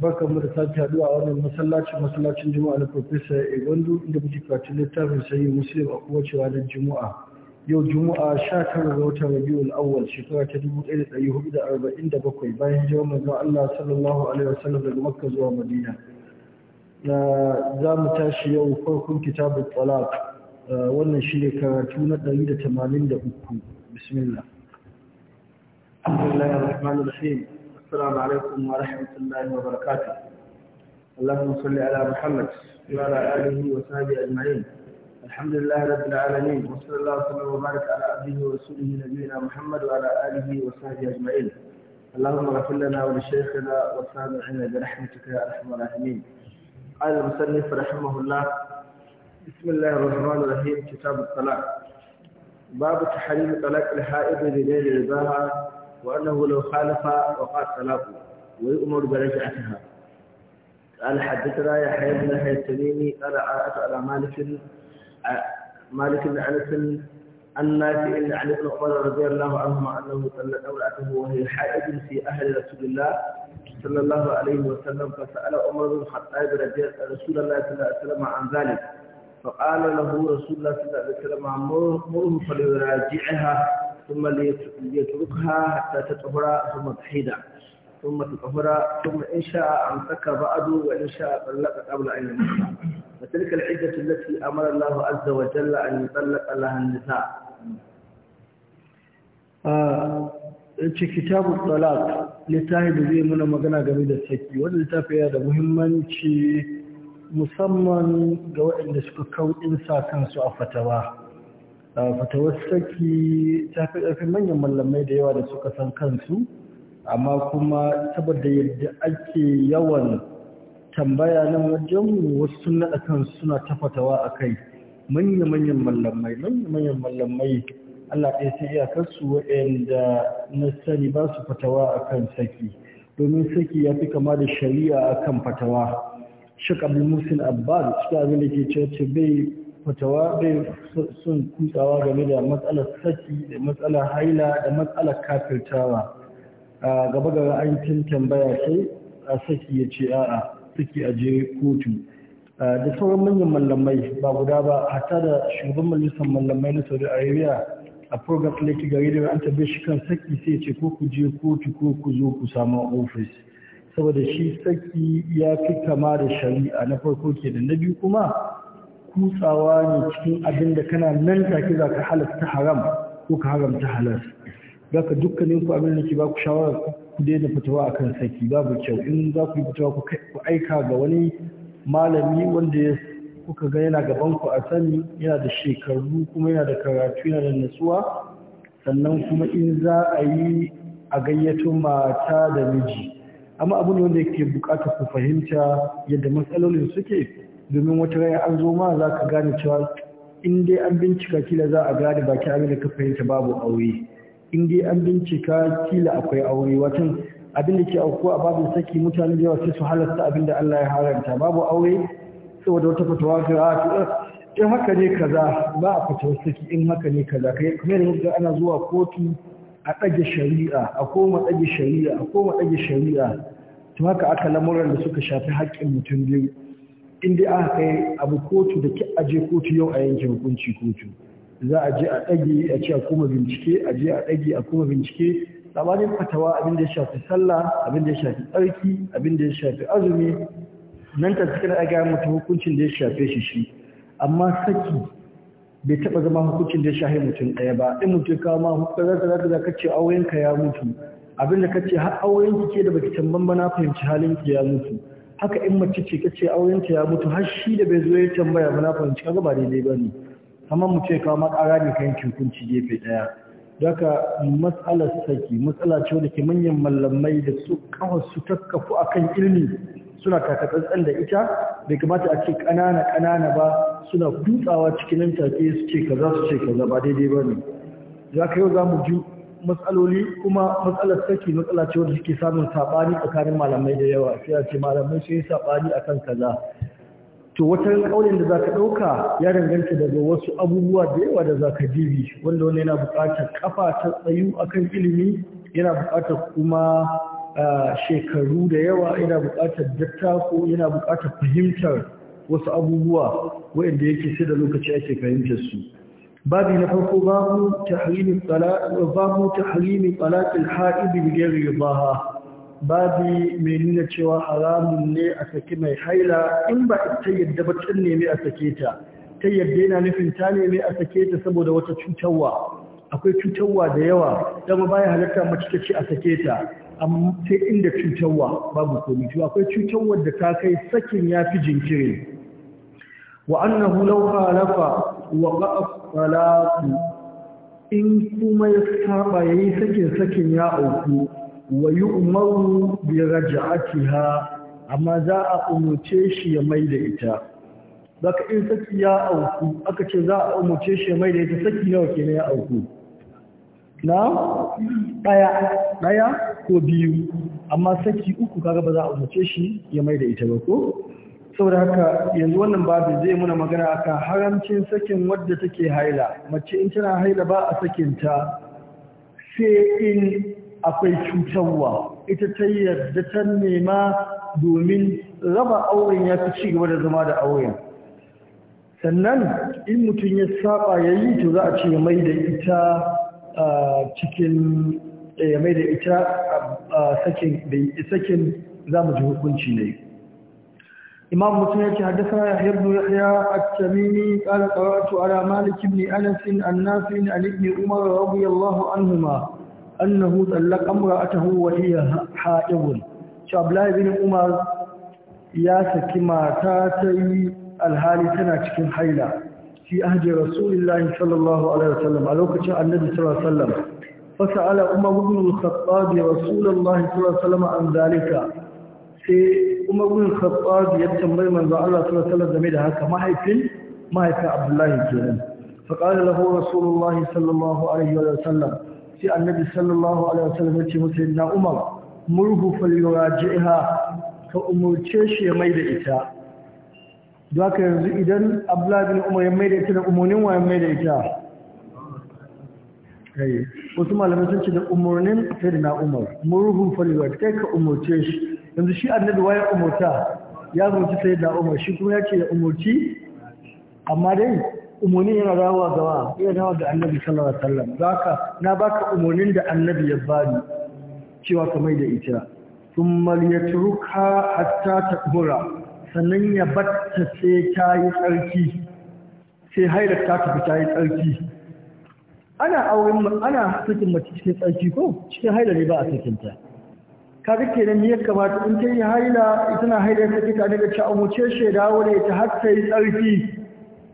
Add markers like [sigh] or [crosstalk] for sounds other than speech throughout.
barka mu da sake haduwa a wannan masallacin masallacin juma'a na profesa egondo inda muke karatun littafin sayi muslim a kowace ranar juma'a yau juma'a 19 ga watan rabiul awwal shekara ta 1447 bayan hijirar manzon Allah sallallahu alaihi wasallam daga makka zuwa madina na za mu tashi yau farkon kitabul talaq eh, wannan shine karatu na 183 bismillah الحمد لله الرحمن الرحيم السلام عليكم ورحمة الله وبركاته اللهم صل على محمد وعلى آله وصحبه أجمعين الحمد لله رب العالمين وصلى الله وسلم وبارك على عبده ورسوله نبينا محمد وعلى آله وصحبه أجمعين اللهم اغفر لنا ولشيخنا وسامعنا برحمتك يا أرحم الراحمين قال المصنف رحمه الله بسم الله الرحمن الرحيم كتاب الطلاق باب تحريم طلاق الحائض لليل رضاها وأنه لو خالف وقال الطلاق ويؤمر برجعتها قال حدثنا يحيى بن حي التميمي قال على مالك مالك بن أنس في إن علي بن عمر رضي الله عنهما أنه طلق امرأته وهي حائض في أهل رسول الله صلى الله عليه وسلم فسأل عمر بن الخطاب رسول الله صلى الله عليه وسلم عن ذلك فقال له رسول الله صلى الله عليه وسلم مره فليراجعها ثم ليتركها حتى تطهر ثم تحيدا ثم تطهر ثم إن شاء أمسك بعد وإن شاء طلق قبل أن يمسك فتلك العدة التي أمر الله عز وجل أن يطلق لها النساء ce kitabun talak littafi da zai muna magana game da saki wanda littafi yana da muhimmanci musamman ga waɗanda suka kauɗin sa kansu a fatawa fatawar saki ta fi ƙarfin manyan mallamai da yawa da suka san kansu amma kuma saboda yadda ake yawan tambaya nan wajen wasu suna a kan suna ta fatawa a kai manya-manyan mallamai manya-manyan mallamai Allah ɗaya sai iyakarsu waɗanda na sani ba su fatawa a kan saki domin saki ya fi kama da shari'a a kan fatawa shek abu musul abbas cikin abin da ke cewa bai fatawa sun kutsawa game da matsalar saki da matsalar haila da matsalar kafirtawa a gaba ga ra'ayin tambaya sai a saki ya ce a'a saki a je kotu da sauran manyan mallamai ba guda ba hatta da shugaban majalisar mallamai na saudi arabia a program ɗin ki gari da an tabbe shi kan saki sai ce ko ku je kotu ko ku zo ku samu ofis saboda shi saki ya fi kama da shari'a na farko ke da na biyu kuma kutsawa ne cikin abin da kana nan take za ka halasta haram ko ka haramta halas za ka dukkanin ku abin da ke ba ku shawara ku daina fitawa akan saki babu kyau in za ku yi fitawa ku aika ga wani malami wanda ya kuka ga yana gaban ku a sani yana da shekaru kuma yana da karatu yana da natsuwa sannan kuma in za a yi a gayyato mata da miji amma abin wanda yake bukatar ku fahimta yadda matsalolin suke domin wata raya an zo ma za ka gane cewa in dai an bincika kila za a gane baki abin da ka fahimta babu aure in dai an bincika kila akwai aure watan abin da ke auku a babu saki mutane da yawa sai su halasta abin da Allah ya haramta babu aure saboda wata fatawa ga ah, eh, in haka ne kaza ba a fatawar saki in haka ne kaza kai kuma da ana zuwa kotu a ɗage shari'a a koma ɗage shari'a a koma ɗage shari'a to haka aka lamuran da suka shafi haƙƙin mutum biyu inda aka kai abu kotu da ki aje kotu yau a yanke hukunci kotu za a je a ɗage a ce a kuma bincike a je a ɗage a kuma bincike labarin fatawa abin da ya shafi sallah abin da ya shafi tsarki abin da ya shafi azumi nan ta cikin a mutu mutum hukuncin da ya shafe shi shi amma saki bai taba zama hukuncin da ya shafe mutum ɗaya ba in mutum kawo ma hukuncin za ka za ka ce aurenka ya mutu abin da ka ce har aurenki ke da baki tamban ba na fahimci ki ya mutu haka in mace ce kace aurenta ya mutu har shi da bai zo ya tambaya ba na fahimci kaga ba daidai bane amma mu ce kawo makara ne kan hukunci gefe daya daga matsalar saki matsala ce wanda ke manyan mallamai da su kawar su takkafu akan ilmi suna takatsantsan da ita bai kamata a ce kanana kanana ba suna dutsawa cikin nan take su ce kaza su ce kaza ba daidai bane za ka yau za mu ji matsaloli kuma matsalar saki matsala ce wadda suke samun saɓani tsakanin malamai da yawa sai a ce malamai sun yi saɓani kan kaza to wata ƙaunin da za ka ɗauka ya danganta daga wasu abubuwa da yawa da za ka jibi wanda wani yana buƙatar kafa ta tsayu akan ilimi yana buƙatar kuma shekaru da yawa yana buƙatar ko yana buƙatar fahimtar wasu abubuwa waɗanda yake sai da lokaci ake fahimtar su babi na farko babu tahrimin talaq babu tahrimin talaq al-ha'id babi mai nuna cewa haramun ne a saki mai haila in ba ta yadda ba tun ne a sake ta ta yadda yana nufin ta nemi a sake ta saboda wata cutarwa akwai cutarwa da yawa dama baya halatta mace ta ce a sake ta amma inda cutarwa babu komai akwai cutarwa da ta kai sakin ya fi jinkiri وأنه لو خالف وقع الطلاق إن كما يصحب يسكن سكن يا أوكو ويؤمر برجعتها أما ذا أمتيش يميل إتا Baka in saki ya auku aka ce za a umarce shi mai da ita saki nawa kenan ya auku na daya ko biyu amma saki uku kaga ba za a umarce shi ya mai da ita ba ko saboda haka yanzu wannan babu zai muna magana akan haramcin sakin wadda take haila mace in tana haila ba a sakin ta sai in akwai cutarwa ita ta yadda ta nema domin raba auren ya fi cigaba da zama da auren sannan in mutum ya saba ya yi to za a ce mai da ita cikin mai da ita sakin za mu ji hukunci ne إمام مسلم يحكي حدثنا يحيى بن يحيى التميمي قال قرأت على مالك بن أنس النافع عن ابن عمر رضي الله عنهما أنه طلق امرأته وهي حائض شابلا بن عمر يا سكما تاتي الهالي تنا cikin haila في عهد رسول الله صلى الله عليه وسلم على وقت النبي صلى الله عليه وسلم فسأل عمر بن الخطاب رسول الله صلى الله عليه وسلم عن ذلك sai umar bin khattab ya tambayi manzo Allah sallallahu alaihi wasallam game da haka mahaifin mahaifin Abdullahi kenan fa qala lahu rasulullah sallallahu alaihi wasallam sai annabi sallallahu alaihi wasallam ya ce masa na umar murhu falyuraji'ha ka umurce shi ya maida ita don haka yanzu idan Abdullahi bin Umar ya maida ita da umurnin wa ya maida ita kai wasu malamai sun ce da umurnin sai da na Umar murhu falyuraji kai ka umurce shi yanzu shi annabi waye umurta ya umurci sai da umar shi kuma ya ce ya umurci amma dai umarni yana rawa gawa yana rawa ga annabi sallallahu alaihi wasallam ka na baka umarnin da annabi ya bani cewa ka mai da ita thumma a hatta sannan ya batta sai ta yi tsarki sai haira ta tafi ta yi tsarki ana auren ana sakin mace cikin tsarki ko cikin haila ne ba a sakinta kaga kenan ya kamata in ta yi haila tana haila ta fita daga ci amuce shi dawo da ita har sai tsarki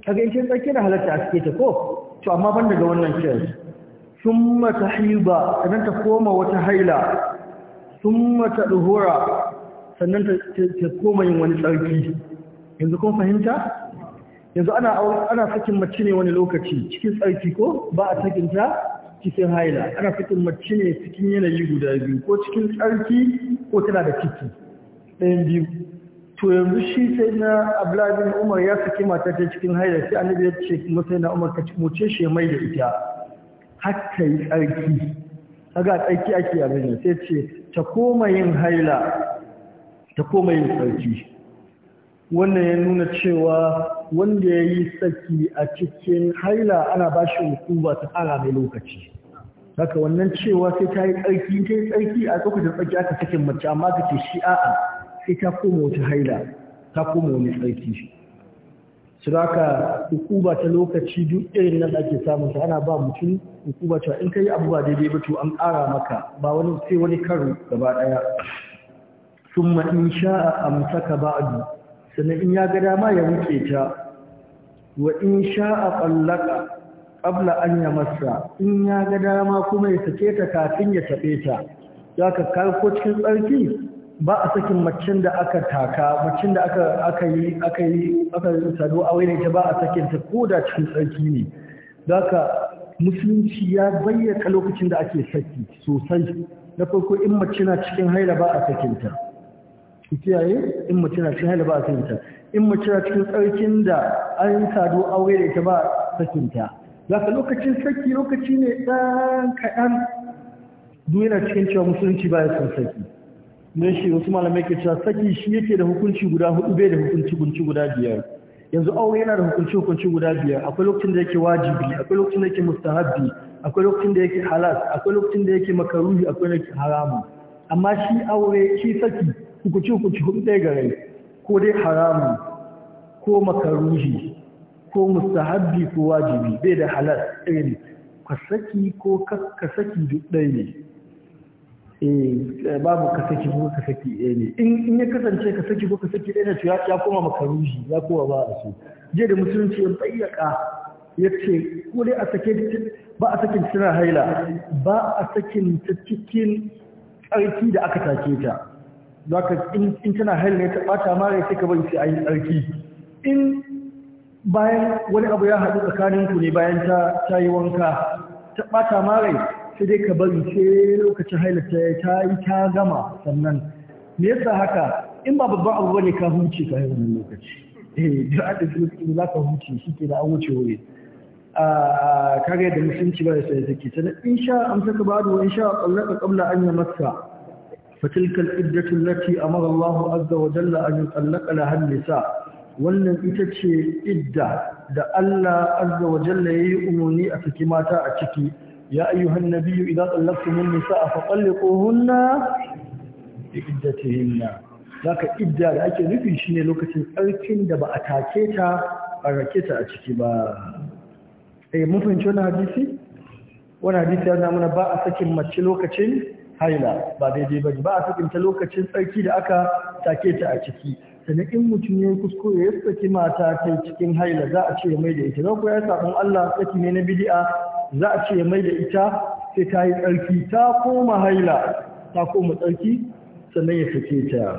kaga in kin tsarki da halatta a cikin ta ko to amma ban daga wannan Sun summa tahiba sannan ta koma wata haila summa duhura sannan ta koma yin wani tsarki yanzu kun fahimta yanzu ana ana sakin mace ne wani lokaci cikin tsarki ko ba a sakin ta cikin haila ana fitin mace ne cikin yanayi guda biyu ko cikin tsarki ko tana da ciki ɗayan biyu to yanzu shi sai na ablajin umar ya saki mata ta cikin haila sai annabi ya ce kuma sai na umar ka muce shi mai da ita har ta yi tsarki kaga tsarki ake abin sai ce ta koma yin haila ta koma yin tsarki wannan ya nuna cewa wanda ya yi tsaki a cikin haila ana ba shi hukuma ta tsara mai lokaci haka wannan cewa sai ta yi tsarki ta yi tsarki a lokacin tsarki aka sakin mace amma ka ke shi a'a sai ta koma wata haila ta koma wani tsarki su haka hukuma ta lokaci duk irin nan ake samun ta ana ba mutum hukuma cewa in ka yi abu ba daidai ba to an ƙara maka ba wani sai wani karo gaba ɗaya summa in sha'a amsaka ba'du sannan in ya ga dama ya wuce ta wa in sha'a qallaka qabla an masa in ya ga dama kuma ya sake ta kafin ya tabe ta zaka kai ko cikin tsarki ba a sakin macin da aka taka macin da aka aka yi aka yi sadu a wani ta ba a sakin ta koda cikin tsarki ne zaka musulunci ya bayyana lokacin da ake saki sosai na farko in mace na cikin haila ba a sakinta kiyaye in mace na cikin haila ba a in mace na cikin tsarkin da an sadu aure da ita ba a sakinta za ka lokacin saki lokaci ne ɗan kaɗan duk yana cikin cewa musulunci ba ya son saki ne shi wasu malamai ke cewa saki shi yake da hukunci guda hudu bai da hukunci gunci guda biyar yanzu aure yana da hukunci hukunci guda biyar akwai lokacin da yake wajibi akwai lokacin da yake mustahabbi akwai lokacin da yake halas akwai lokacin da yake makaruhi akwai lokacin haramu amma shi aure shi saki kukuci kukuci hudu ɗaya gare ko dai haramun ko makaruhi ko mustahabbi ko wajibi bai da halar irin kasaki ko ka saki duk ɗaya ne eh babu ka saki ko ka saki ɗaya ne in ya kasance ka saki ko ka saki ɗaya ne to ya koma makaruhi ya kowa ba a so je da musulunci ya bayyaka ya ce ko dai a sake ba a sakin suna haila ba a sakin ta cikin tsarki da aka take ta zaka in tana hali ne ta ɓata mara sai ka bari sai ayi yi in bayan wani abu ya haɗu tsakanin ku ne bayan ta yi wanka ta ɓata mara sai dai ka bari sai lokacin hailata ta yi ta gama sannan me yasa haka in ba babban abu bane ka huce ka yi wannan lokaci eh da da lokacin za ka huce shi ke da an wuce wuri a kage da musunci ba sai take sanan insha ka bado insha Allah qabla an yamassa فتلك العدة التي أمر الله عز وجل أن يطلق لها النساء wannan ita ce idda da Allah azza wa jalla yayi umarni a cikin mata a ciki ya ayyuhan nabiyyu idza tallaqtumun nisaa fa talliquhunna bi iddatihinna zaka idda da ake nufi shine lokacin tsarkin da ba a take ta a rake ta a ciki ba eh mun fahimci wannan hadisi wannan hadisi yana mana ba a sakin mace lokacin haila ba daidai ba ne ba a sakinta lokacin tsarki da aka take ta a ciki sannan in mutum ya kuskure ya saki mata ta cikin haila za a ce mai da ita zan ya sabon Allah saki ne na bid'a za a ce mai da ita sai ta yi tsarki ta koma haila ta koma tsarki sannan ya sake ta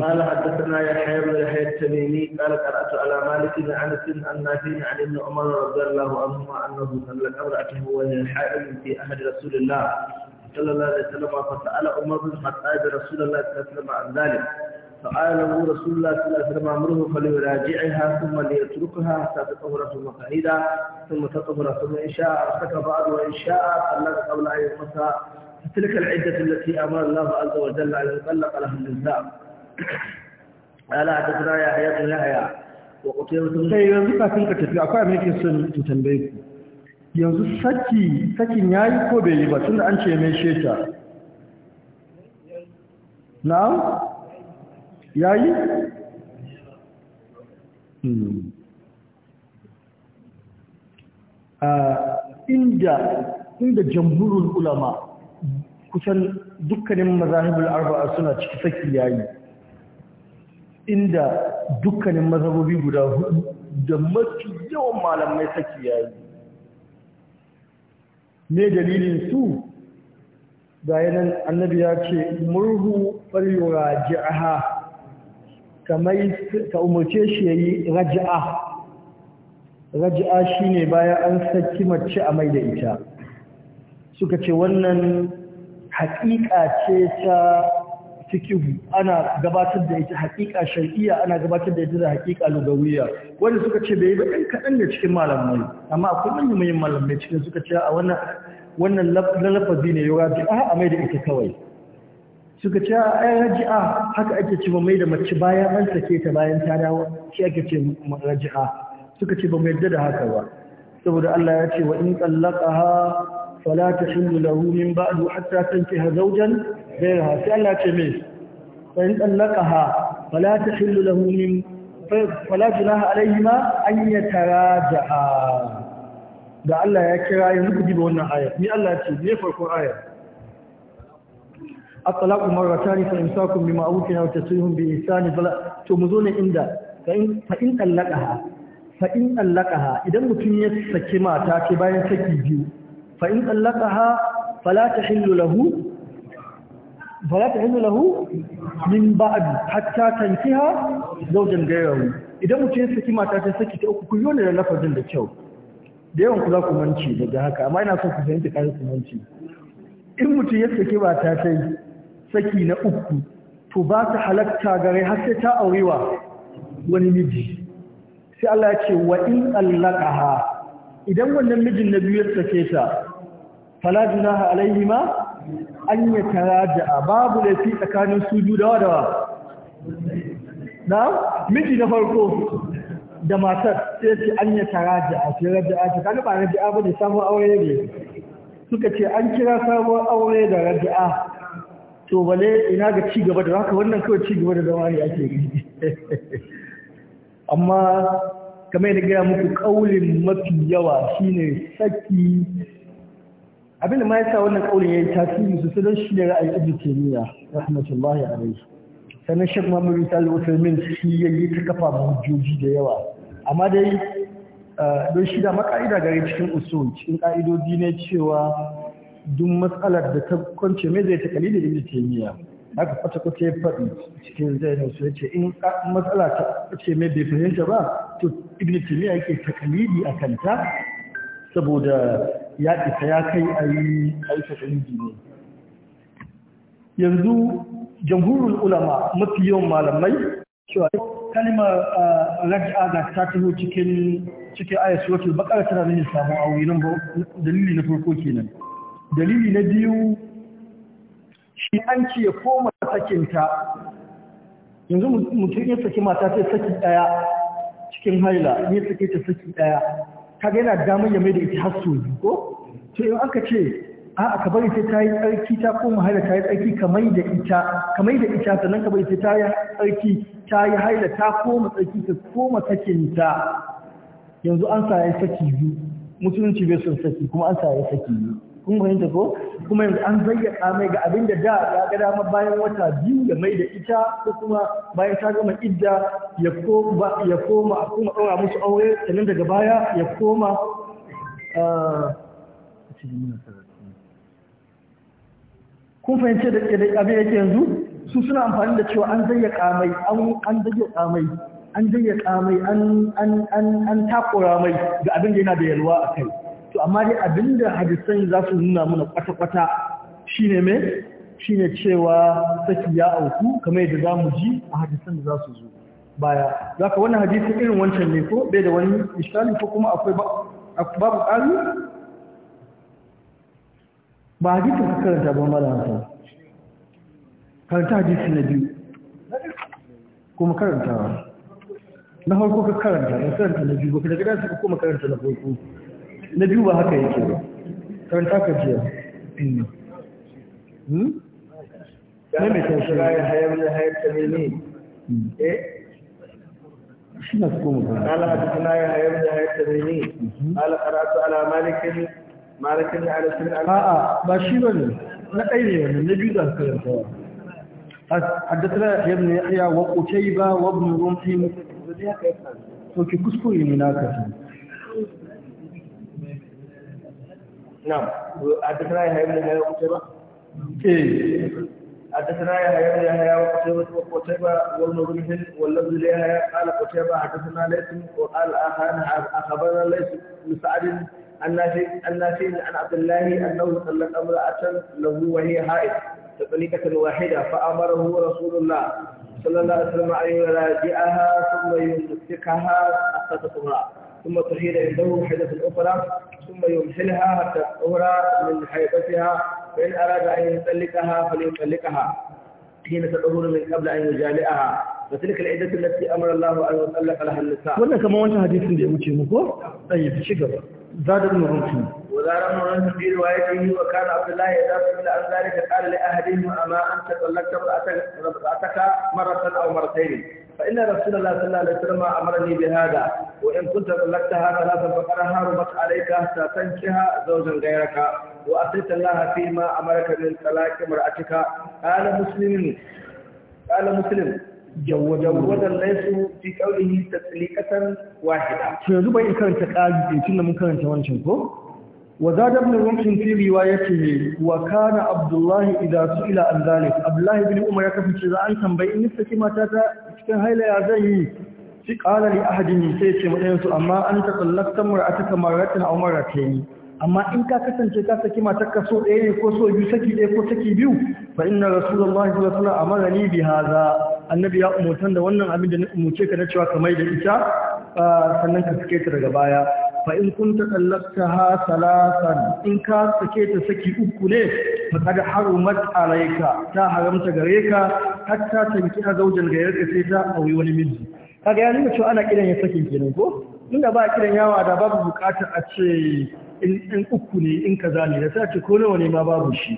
قال حدثنا يحيى بن يحيى التميمي قال قرات على مالك بن انس عن نافع عن ابن عمر رضي الله عنهما انه سلك امراته وهي حائل في اهل رسول الله صلى الله عليه وسلم فسال عمر بن الخطاب رسول الله صلى الله عليه وسلم عن ذلك فقال له رسول الله صلى الله عليه وسلم امره فليراجعها ثم ليتركها حتى تطهر ثم قعيدا ثم تطهر ثم ان شاء ارسك بعد وان شاء طلق قبل ان يمسها فتلك العده التي امر الله عز وجل ان يطلق لها النساء ala hadathana ya hayatun yahya wa qutayba sai yanzu kafin ka tafi akwai abin yake son in tambaye ku yanzu sakin ya yi ko bai yi ba tun da an ce mai sheta na'am yayi yi? inda inda jamhurul ulama kusan dukkanin mazahibul arba'a suna ciki saki yayi inda dukkanin mazhabobi guda hudu da mafi yawan malamai saki yayi me dalilin su ga annabi ya ce murhu falyuraji'aha kamar ka umarce shi yayi Raji'a shi shine bayan an saki mace a mai da ita suka ce wannan haƙiƙa ce ta Cikin ana gabatar da ita hakika shar'iyya ana gabatar da ita da hakika lugawiyya wanda suka ce bai ba ɗan kaɗan da cikin malamai amma akwai manyan manyan malamai cikin suka ce a wannan wannan lafazi ne yawa bi a mai da ita kawai suka ce a ai raji'a haka ake ce ba mai da mace bayan an sake ta bayan ta dawo shi ake ce raji'a suka ce ba mai yarda da haka ba saboda Allah ya ce wa in tsallaqaha fala tahillu lahu min ba'du hatta tankiha zawjan sai غيرها سألنا كميس فإن طلقها فلا تحل له من فلا جناح عليهما أن يتراجعا da Allah ya kira yi muku diba wannan aya ni Allah ce ne farko aya at-talaqu marratan fa imsakum bima awtina wa tasrihum bi ihsan fala to mu zo ne inda fa in fa in talaqaha fa in talaqaha idan mutum ya saki mata ce bayan saki biyu fa in talaqaha fala tahillu lahu fala ta hindu lahu min ba'd hatta tankiha zaujan gairahu idan mutum ya saki mata saki ta uku ku yi da lafazin da kyau da yawan ku za daga haka amma ina son ku fahimta kare in mutum ya saki mata saki na uku to ba ta halatta gare har sai ta aurewa wani miji sai Allah ya ce wa in allaqaha idan wannan mijin na biyu ya sake ta fala junaha alaihima an ya taraja'a babu laifi tsakanin su biyu da wadawa na miji na farko da matar sai ce an ya taraja'a ce raja'a ta kanu ba raja'a ba ne samun aure ne suka ce an kira sabon aure da raja'a to bale ina ga ci gaba da haka wannan kawai ci gaba da zama ne ake yi [laughs] amma kamar da gaya muku kaulin mafi yawa shine saki abinda ma yasa wannan kaulin yi tasiri sosai don shi ne ra'ayin ibnu taymiya rahmatullahi alayhi sannan shek muhammad isa al min shi yayi ta kafa hujjoji da yawa amma dai ah, don shi da maka'ida gare cikin usul cikin ka'idodi ne cewa duk matsalar da ta kwance mai zai ta kalilin ibnu taymiya haka kwata kwata ya faɗi cikin zainab su ce in matsala ta ce mai bai fahimta ba to ibnu taymiya yake takalidi a kanta saboda ya isa ya kai a yi aikata ne yanzu jamhurin ulama mafi yawan malamai cewa kalimar raj'a ga ta taho cikin cikin ayat suratul bakar tana nuna samun aure nan ba dalili na farko kenan dalili na biyu shi an ce ya koma sakinta yanzu mutum ya saki mata ta saki daya cikin haila ne saki ta saki daya kaga yana damar ya mai da ita hasso ko to in aka ce a aka bari sai ta yi tsarki ta koma haila ta yi tsarki kamar da ita kamar da ita sannan ka bari sai ta yi tsarki ta yi haila ta koma tsarki ta koma sakin ta yanzu an sa ya saki biyu musulunci bai son saki kuma an sa ya saki biyu kun fahimta ko kuma yanzu an zayyaka mai ga abin da da ya ga dama bayan wata biyu ya mai da ita ko kuma bayan ta gama idda ya koma ya koma kuma ɗaura musu aure sannan daga baya ya koma kun fahimce da abin yake yanzu su suna amfani da cewa an zayyaka mai an zayyaka mai an zayyaka mai an takura mai ga abin da yana da yalwa a kai to amma dai abinda hadisai za su nuna mana kwata-kwata shine me shine cewa saki ya auku kamar yadda za mu ji a hadisan da za su zo baya za ka wannan hadisin irin wancan ne ko bai da wani ishali ko kuma akwai babu ƙari ba hadisin ka karanta ba mara hankali karanta hadisi na biyu kuma karanta na farko ka karanta na karanta na biyu ba ka daga da suka kuma karanta na farko na biyu ba haka yake ba karanta ka jiya hmm? na mai tashi ya hayar da hayar ta ne ne hmm. eh shi na su kuma ala hadisuna ya hayar da hayar ta ne ne mhm. ala karatu ala malikin malikin da ala sun ala a ba shi ba ne na ɗaya ne ne na biyu da karanta ba حدثنا ابن يحيى وقتيبة وابن رمح وكي كسكري مناكسي نعم حدثنا يحيى بن يحيى وقتيبة إيه حدثنا يحيى بن يحيى وقتيبة وقتيبة وابن رمح واللفظ ليحيى قال قتيبة حدثنا ليث وقال أخبرنا ليث بن سعد النافي عن عبد الله أنه طلق امرأة له وهي حائض تطليقة واحدة فأمره رسول الله صلى الله عليه وسلم أن يراجعها ثم يمسكها حتى تطهر ثم تحيل عنده حيضة أخرى ثم يمثلها حتى تطهر من حيطتها فإن أراد أن يسلكها فليسلكها حين تطهر من قبل أن يجالئها فتلك العدة التي أمر الله أن يطلق لها النساء. ولا كما وانت حديث اللي أوتي مكو طيب شكرا زاد ابن رمحي وزاد ابن رمحي في روايته وكان عبد الله إذا سئل عن ذلك قال لأهدهم أما أنت طلقت امرأتك مرة أو مرتين فإن رسول الله صلى الله عليه وسلم أمرني بهذا وإن كنت طلقتها ثلاثا فقد حرمت عليك حتى تنكها زوجا غيرك وأطيت الله فيما أمرك من طلاق امرأتك قال مسلم قال مسلم jawwadan laisu fi qawlihi tatliqatan wahida to yanzu bai karanta qadi din tunda mun karanta wancan ko وزاد ابن رمح في روايته وكان عبد الله إذا سئل عن ذلك عبد الله بن عمر يكفي كذا أن تنبئ نفسك ما تاتا كان هيلا يا زي قال لأحد يسيك مدينس أما أنت طلقت مرأتك مرة أو مرتين amma in ka kasance ka saki matarka so ɗaya ne ko so biyu saki ɗaya ko saki biyu fa inna rasulullahi sallallahu alaihi wasallam amara ni annabi ya umurtan da wannan abin da na umurce ka na cewa ka mai da ita sannan ka sake ta daga baya fa in kunta ha salasan in ka sake ta saki uku ne fa kada harumat alayka ta haramta gare ka hatta tanki a zaujan gayar ka sai ta auri wani miji kaga ya nuna cewa ana kiran ya sakin kenan ko inda ba kiran yawa da babu bukata a ce in uku ne in kaza ne da ta ce ko nawa ne ma babu shi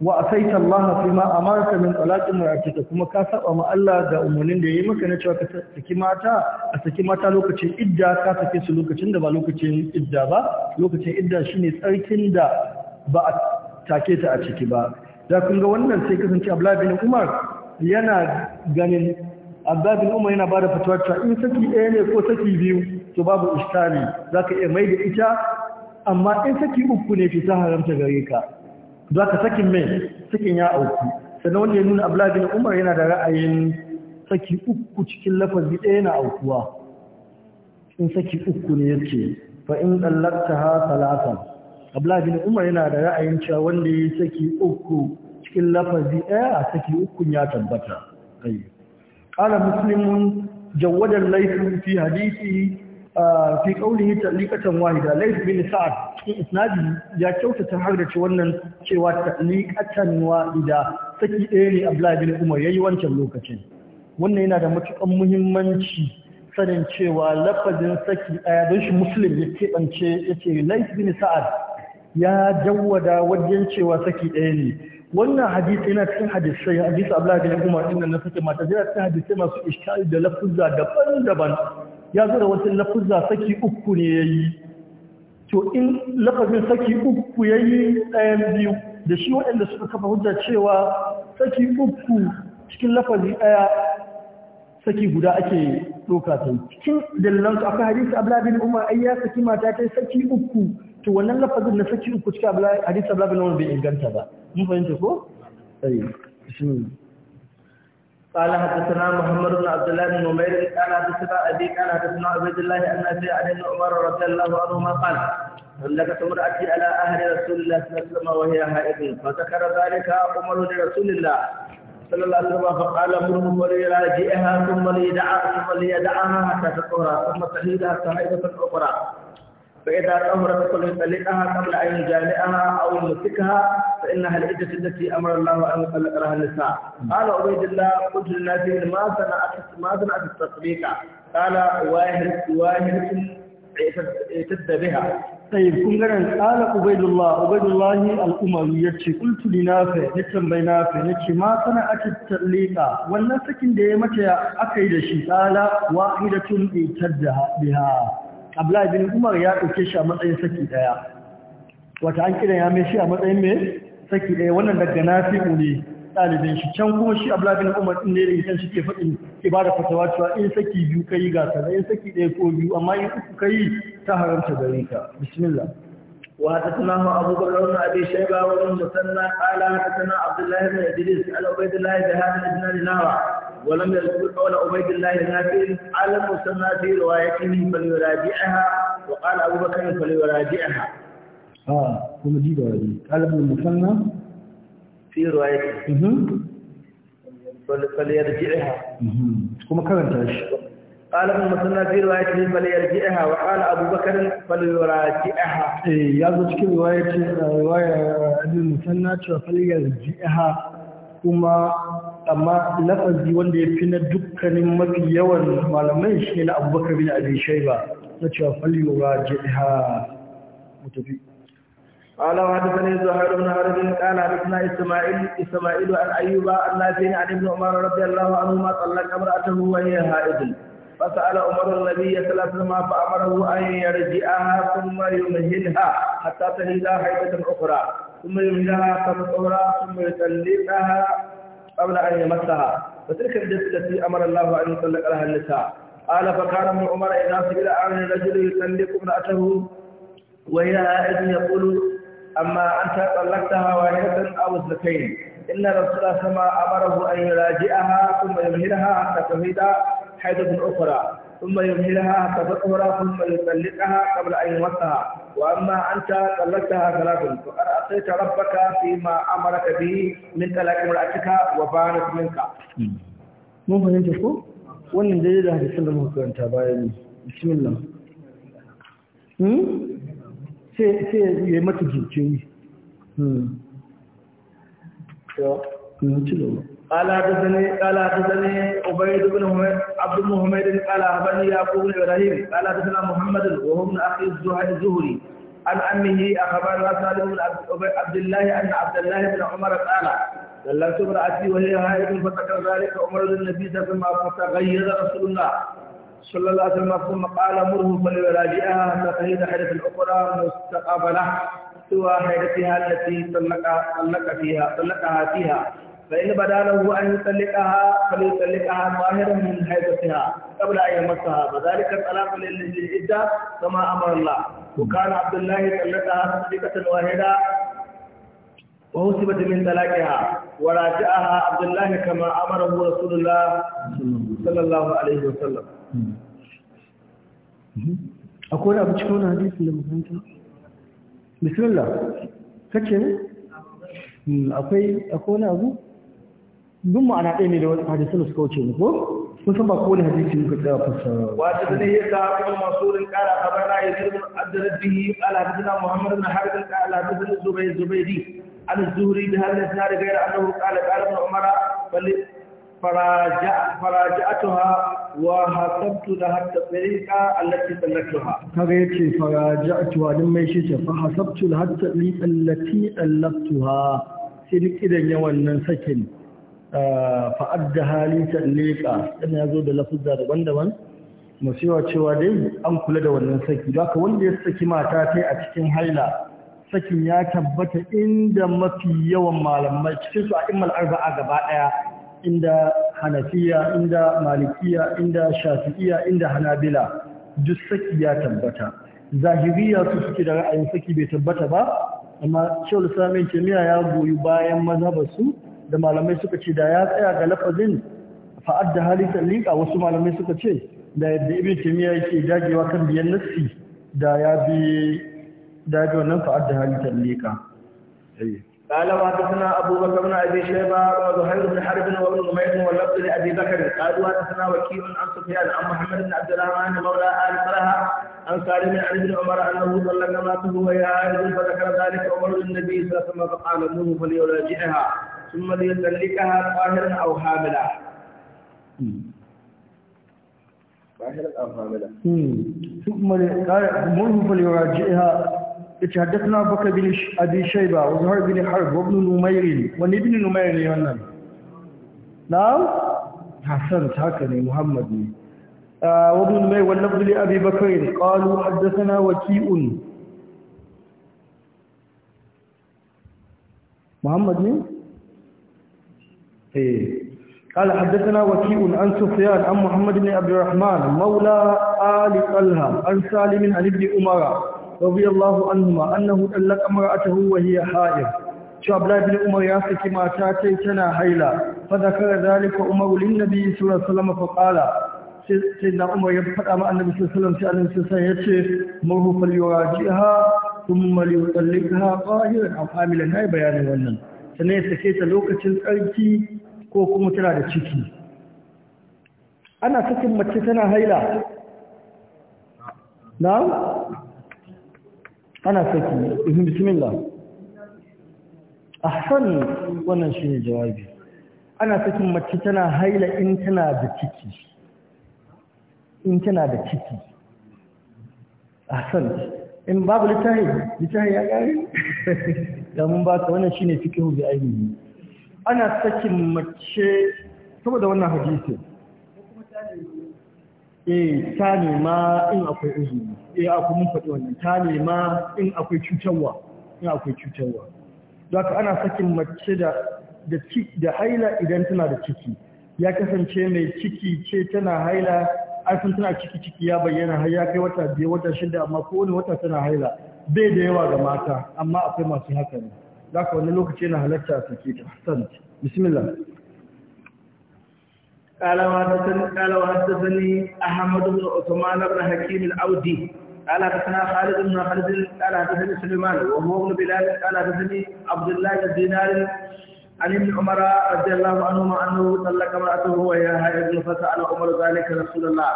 wa asaita Allah fi ma amarka min talaqin mar'atika kuma ka saba ma Allah da umulin da yayi maka na cewa ka saki mata a saki mata lokacin idda ka saki su lokacin da ba lokacin idda ba lokacin idda shine tsarkin da ba a take ta a ciki ba da kun ga wannan sai kasance Abdullah bin Umar yana ganin Abdullah bin Umar yana bada fatuwa cewa in saki ɗaya ne ko saki biyu to babu iskali zaka iya mai da ita amma in saki uku ne to ta haramta gare ka za ka sakin mai sakin ya auku sannan wanda ya nuna abdullahi bin umar yana da ra'ayin saki uku cikin lafazi ɗaya na aukuwa in saki uku ne yake fa in tsallakta ha salatan abdullahi bin umar yana da ra'ayin cewa wanda ya saki uku cikin lafazi ɗaya a saki uku ya tabbata ƙala musulmin jawadar laifin fi hadisi fi qawlihi ta'liqatan wahida laif bin sa'ad cikin isnadi ya kyautata har da wannan cewa ta'liqatan wahida saki ɗaya ne Abdullahi bin Umar yi wancan lokacin wannan yana da matukan muhimmanci sanin cewa lafazin saki ɗaya don shi muslim ya keɓance ya ce laif bin sa'ad ya jawwada wajen cewa saki ɗaya ne wannan hadisi yana cikin hadisai hadisi Abdullahi bin Umar inda na sake mata yana cikin hadisai masu iskali da lafuzza daban-daban ya zo da wasu lafuzza saki uku ne ya yi to in lafazin saki uku ya yi ɗayan biyu da shi waɗanda suka kafa hujja cewa saki uku cikin lafazi ɗaya saki guda ake ɗoka ta yi cikin dalilan su akwai hadisi ablabin umar ai ya saki mata ta saki uku to wannan lafazin na saki uku cikin hadisi ablabin umar bai inganta ba mun fahimta ko? Ayi, bismillah. قال حدثنا محمد بن عبد الله بن نمير قال حدثنا ابي قال حدثنا عبيد الله ان ابي عن ابن عمر رضي الله عنهما قال لك امرأتي على اهل رسول الله صلى الله عليه وسلم وهي حائض فذكر ذلك عمر لرسول الله صلى الله عليه وسلم فقال مرهم وليراجئها ثم ليدعها ثم ليدعها حتى تطهر ثم تحيدها حائضة أخرى فإذا طهرت فليطلقها قبل أن يجامعها أو يمسكها فإنها العدة التي أمر الله أن يطلق لها النساء قال عبيد الله قلت للنبي ما صنعت ما صنعت التطبيق قال واهل واهل اعتد بها طيب kun garan kala ubaidullah ubaidullah al-umawi yace qultu li nafi ni tambayi nafi nace ma sana atit talika wannan sakin da ya mata akai da shi kala wahidatun itadda abdullahi bin umar ya dauke shi a matsayin saki ɗaya wata an kira ya mai shi a matsayin mai saki ɗaya wannan daga nafi'u ne ɗalibin shi can kuma shi abdullahi bin umar ɗin ne da yake shi ke faɗin ibada ba fatawa cewa in saki biyu ka ga sai saki ɗaya ko biyu amma in uku ka ta haramta gare ka bismillah وحدثناه أبو بكر بن أبي شيبة وابن مسنى قال حدثنا عبد الله بن إدريس عن عبيد الله بهذا الإسناد نحوه ولم يذكر قول عبيد الله نافع على المسنى في روايته فليراجعها وقال أبو بكر فليراجعها. آه كما جيب قال ابن المثنى في روايته فليرجعها. كما كرنتها قال ابن مسنى في روايته فليرجعها وقال ابو بكر فليراجعها اي يازو cikin riwayati riwaya ibn musanna cewa falyarji'ha kuma amma lafazi wanda ya fi na dukkanin mafi yawan malamai shi na abubakar bin abi shaiba na cewa falyuraji'ha mutafi قال وحدثني زهير بن حرب قال حدثنا اسماعيل اسماعيل عن ايوب عن نافع عن ابن عمر رضي الله عنهما طلق امراته وهي حائض فسأل عمر النبي صلى الله عليه وسلم فأمره أن يرجعها ثم يمهلها حتى تهل حيضة أخرى ثم يمهلها كالطهرى ثم يطلقها قبل أن يمسها فتلك الجلسة التي أمر الله أن يطلق لها النساء قال فكان ابن عمر إذا سئل عن الرجل يطلق امرأته وهي إذ يقول أما أنت طلقتها واحدة أو اثنتين إن رسول الله أمره أن يراجعها ثم يمهلها حتى تهيدا حيضة أخرى ثم يمهلها كفتهرة ثم يطلقها قبل أن يمسها وأما أنت طلقتها ثلاثا فقد أعطيت ربك فيما أمرك به من طلاق امرأتك وبانت منك. mun fahimta ko? Wannan dai da hadisin da muka karanta bayan bismillah. Sai ya yi mata jinkiri. Ya, ci gaba. قال حدثني قال حدثني عبيد بن حميد عبد بن قال أخبرني يعقوب بن إبراهيم قال حدثنا محمد وهو من أخي الزهري الزهري عن أمه اخبر سالم بن عبد الله أن عبد الله بن عمر قال دللت امرأتي وهي هائل فذكر ذلك عمر بن النبي صلى الله عليه وسلم فتغير رسول الله صلى الله عليه وسلم ثم قال مره فليراجعها حتى تهيد حدث الأخرى مستقبلة سوى حيرتها التي طلق طلق فيها طلقها فيها فإن بدا له أن يطلقها فليطلقها ظاهرا من حيثها قبل أن يمسها فذلك الطلاق للعدة كما أمر الله وكان عبد الله طلقها صديقة واحدة وهسبت من طلاقها وراجعها عبد الله كما أمره رسول الله صلى الله عليه وسلم أقول أبو تشكون حديث بسم الله kace أقول أبو duk ma'ana ɗaya ne da wasu hadisun suka wuce ne ko kun san ba kowane hadisi muka tsaya fassara wata da ya sa kuma masurin kara kabara ya zirgin addalar bihi alhadisuna muhammadu na harbin ka alhadisun zubai zubaidi an zuri da hannun suna da gaira annahu kala kala na umara bali faraja'atuha wa hasabtu da hatta tsarika allati tsallaktuha kaga yace faraja'atuha din mai shi ce fa hasabtu da hatta tsarika allati tsallaktuha sai duk idan yawan nan sakin fa'adda hali ta leƙa ɗan ya zo da lafuzza daban-daban masu cewa dai an kula da wannan saki da haka wanda ya saki mata ta a cikin haila sakin ya tabbata inda mafi yawan malamai cikin su a arba arba'a gaba ɗaya inda hanafiya inda malikiya inda shafi'iya inda hanabila duk saki ya tabbata zahiriya su suke da ra'ayin saki bai tabbata ba amma shawul samin kimiyya ya goyi bayan mazhabar su da malamai suka ce da ya tsaya ga lafazin fa'ad da hali talliqa wasu malamai suka ce da yadda ibi ce miya yake dagewa kan biyan nassi da ya bi da wannan fa'ad da hali talliqa قال وحدثنا أبو بكر بن ابي شيبه وزهير بن حرب وابن نمير واللفظ لأبي بكر قالوا حدثنا وكيل عن سفيان عن محمد بن عبد الرحمن مولى آل فرها عن سالم عن ابن عمر انه صلى جماعته وهي عائد فذكر ذلك عمر النبي صلى الله عليه وسلم فقال منه فليراجعها ثم ليطلقها طاهرا أو حاملا طاهرا أو حاملا ثم منه فليراجعها تحدثنا بك بن أبي شيبة وزهر بن حرب وابن نمير وابن نمير يونان نعم حسن هكذا محمد آه، وابن نمير واللفظ لأبي بكر قالوا حدثنا وكيء محمد مين؟ قال حدثنا وكيء عن سفيان عن محمد بن عبد الرحمن مولى آل طلحة عن سالم عن ابن عمر رضي الله عنهما أنه طلق امرأته وهي حائض شو عبد الله بن عمر ياسك ما تاتي تنا هيلا فذكر ذلك عمر للنبي صلى الله عليه وسلم فقال سيدنا عمر يبحث مع النبي صلى الله عليه وسلم سأل النبي مره فليراجعها ثم ليطلقها قاهرا أو حاملا هاي بيان ونن sannan ya sake ta lokacin tsarki ko kuma tana da ciki ana cikin mace tana haila na? ana saki izin bismillah ahsan wannan shi ne jawabi ana sakin mace tana haila in tana da ciki in tana da ciki ahsan in babu littahi littahi ya gari [laughs] da mun ka. wannan shi ne fikihu bi ainihi ana sakin mace saboda wannan hadisi e ta nema in akwai izini E, eh, aku mun faɗi wannan ta nema in akwai cutarwa in akwai cutarwa zaka ana sakin mace da da da haila idan tana da ciki ya kasance mai ciki ce tana haila aifin tana ciki ciki ya bayyana har ya kai wata biyu wata shida amma kowane wata tana haila bai da yawa ga mata amma akwai masu haka ne za ka wani lokaci na halatta su ke ta hassan bismillah kalawa ta bin usman ibn hakim al-audi kala ta sani khalid ibn khalid kala ta sani sulaiman wa huwa ibn bilal kala ta sani abdullah ibn dinar an ibn umar radiyallahu anhu ma annahu talaka ma'atuhu wa ya ibn fasa ala umar zalika rasulullah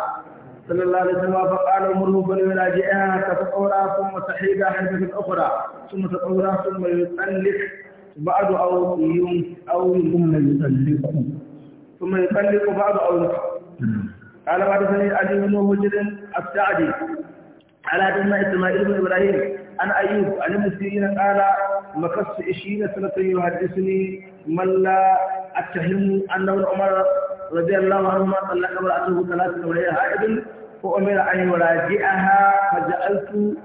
صلى الله عليه وسلم فقال امره بلولاجئها تتطورا ثم تحيدا حرفة أخرى ثم تطورا ثم يطلق بعض أو يوم أو ثم يطلق ثم يطلق بعض أو يطلق قال سنة علي بن مجد السعدي على دم إسماعيل بن إبراهيم عن أيوب عن ابن قال مكس عشرين سنة يحدثني من لا أتهم أنه عمر رضي الله عنهما طلق امرأته ثلاث وهي حائض وأمر أن يراجعها فجعلت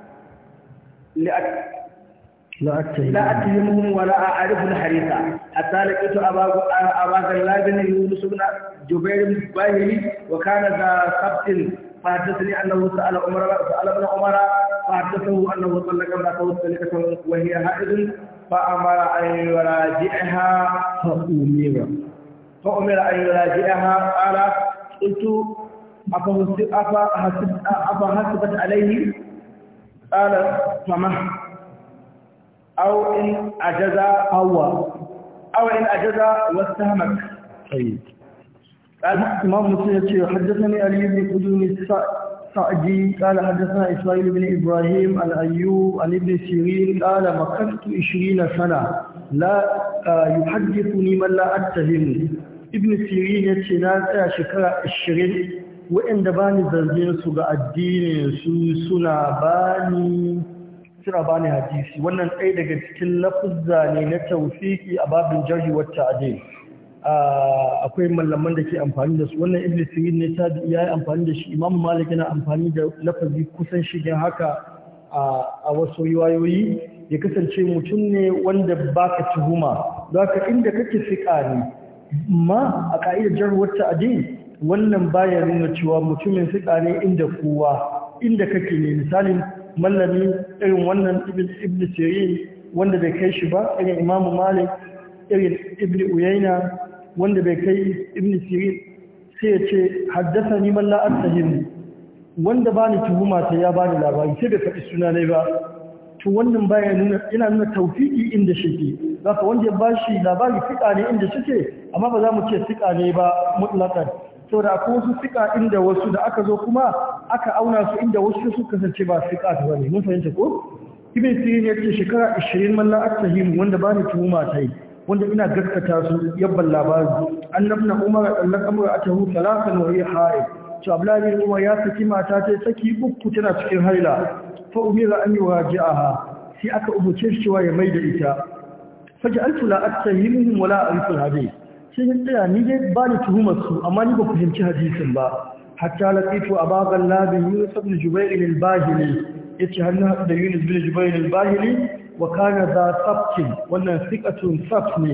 لا أتهمهم ولا أعرف الحديث حتى لقيت أبا غلاب يونس بن جبير بن الباهلي وكان ذا سبت فحدثني أنه سأل عمر سأل ابن عمر فحدثه أنه طلق امرأته الطلقة وهي حائض فأمر أن يراجعها فأمر فأمر أن يراجعها قال قلت أفهسبت عليه قال فمه أو إن أجزى أو أو إن أجزى واستهمك طيب الإمام مسلم حدثني علي بن قدوم السعدي قال حدثنا إسرائيل بن إبراهيم الأيوب عن ابن سيرين قال مكثت عشرين سنة لا آه، يحدثني من لا أتهم ابن سيرين يتشنان شكرا عشرين waɗanda ba ni zargin su ga addinin su suna ba ni suna ba ni hadisi wannan ɗaya daga cikin lafuzza ne na taufiki a babin jarhi wata ade akwai mallaman da ke amfani da su wannan ibn sirin ne ta ya yi amfani da shi imam malik yana amfani da lafazi kusan shigen haka a wasu riwayoyi ya kasance mutum ne wanda baka tuhuma don ka inda kake fiƙa ne ma a ƙa'idar jarhuwar ta'adin wannan baya nuna cewa mutumin suka ne inda kowa inda kake ne misalin mallami irin wannan ibn sirin wanda bai kai shi ba irin imamu malik irin ibn uyaina wanda bai kai ibn sirin sai ya ce haddasa ni malla astahim wanda ba ni tuhuma sai ya bani labari sai bai faɗi suna ne ba to wannan baya nuna yana nuna taufiƙi inda shike zaka wanda ya bashi labari fika ne inda shike amma ba za mu ce fika ne ba mutlaqan saboda akwai wasu sika inda wasu da aka zo kuma aka auna su inda wasu su kasance ba sika ta bane mun fahimta ko ibn sirin ya ce shekara 20 man la astahim wanda ba ni tuhuma wanda ina gaskata su yabban labari annabna umar allaka mura atahu talaqan wa hiya haid to abdullahi umar ya saki mata ta saki uku tana cikin haila fa umira an yuwaji'aha sai aka ubuce shi cewa ya da ita faj'altu la astahimhum wala anfil hadith Cikin ya ni dai ba ni tuhumar su amma ni ba fahimci hadisin ba hatta laqitu ababan labin yusuf ibn jubair al-bahili yace har na da yunus ibn jubair al-bahili wa kana za sabtin wannan thiqatun sabt ne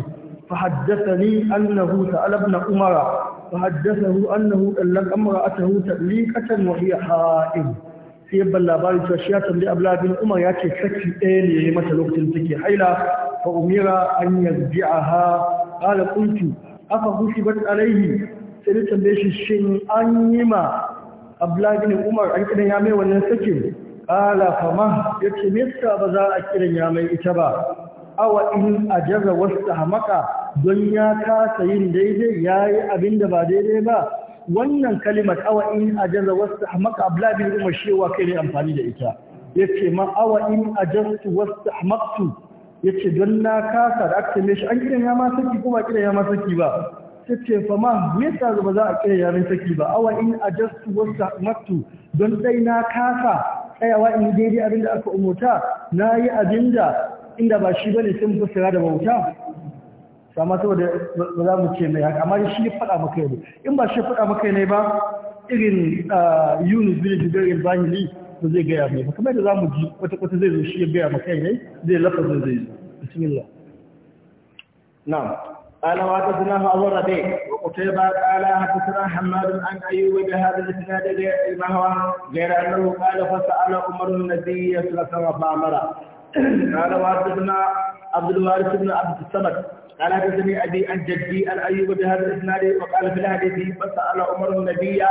fa haddathani annahu ta'ala ibn umara فحدثه أنه ألق أمرأته تأليقة وهي حائم sai ban labarin cewa shi ya tambayi ablabin umar ya ce saki ɗaya ne ya mata lokacin suke haila fa umira an yarji'aha qala qultu aka hushi bat alaihi sai da tambaye shi shin an yi ma abdullahi bin umar an kidan ya mai wannan sakin qala fama yace me ba za a kiran ya mai ita ba awa in ajaza wastahmaka don ya kasa yin daidai yayi abinda ba daidai ba wannan kalimar awa in ajaza wastahmaka abdullahi bin umar shewa kai ne amfani da ita yace ma awa in ajaztu wastahmaktu ya ce don na kasa da aka tambaye shi an kiran ya ma saki ko ba kiran ya saki ba ta ce fa ma me yasa ba za a kiran yaran saki ba awa in ajastu wasta matu don dai na kasa tsayawa in daidai abin da aka umurta na yi abin da inda ba shi bane sun fassara da bauta sama saboda ba za mu ce mai haka amma shi ya faɗa maka ne in ba shi faɗa maka ne ba irin ah, yunus bin jibril bahili ko zai gaya mai ba kamar da za mu ji kwata-kwata zai zo shi ya gaya maka zai lafa zai zai bismillah na ƙala wa ta suna hawa rabe wa kuta ba ƙala haka suna hamadun an ayi wa da hada da suna daga ilmahawa gaira an lalu ƙala fa sa'ala umar na zai ya suna ba mara ƙala wa ta suna abdulwari suna abdulsamad قال حدثني ابي عن جدي الايوب بهذا الاسناد وقال في الحديث فسال عمر النبي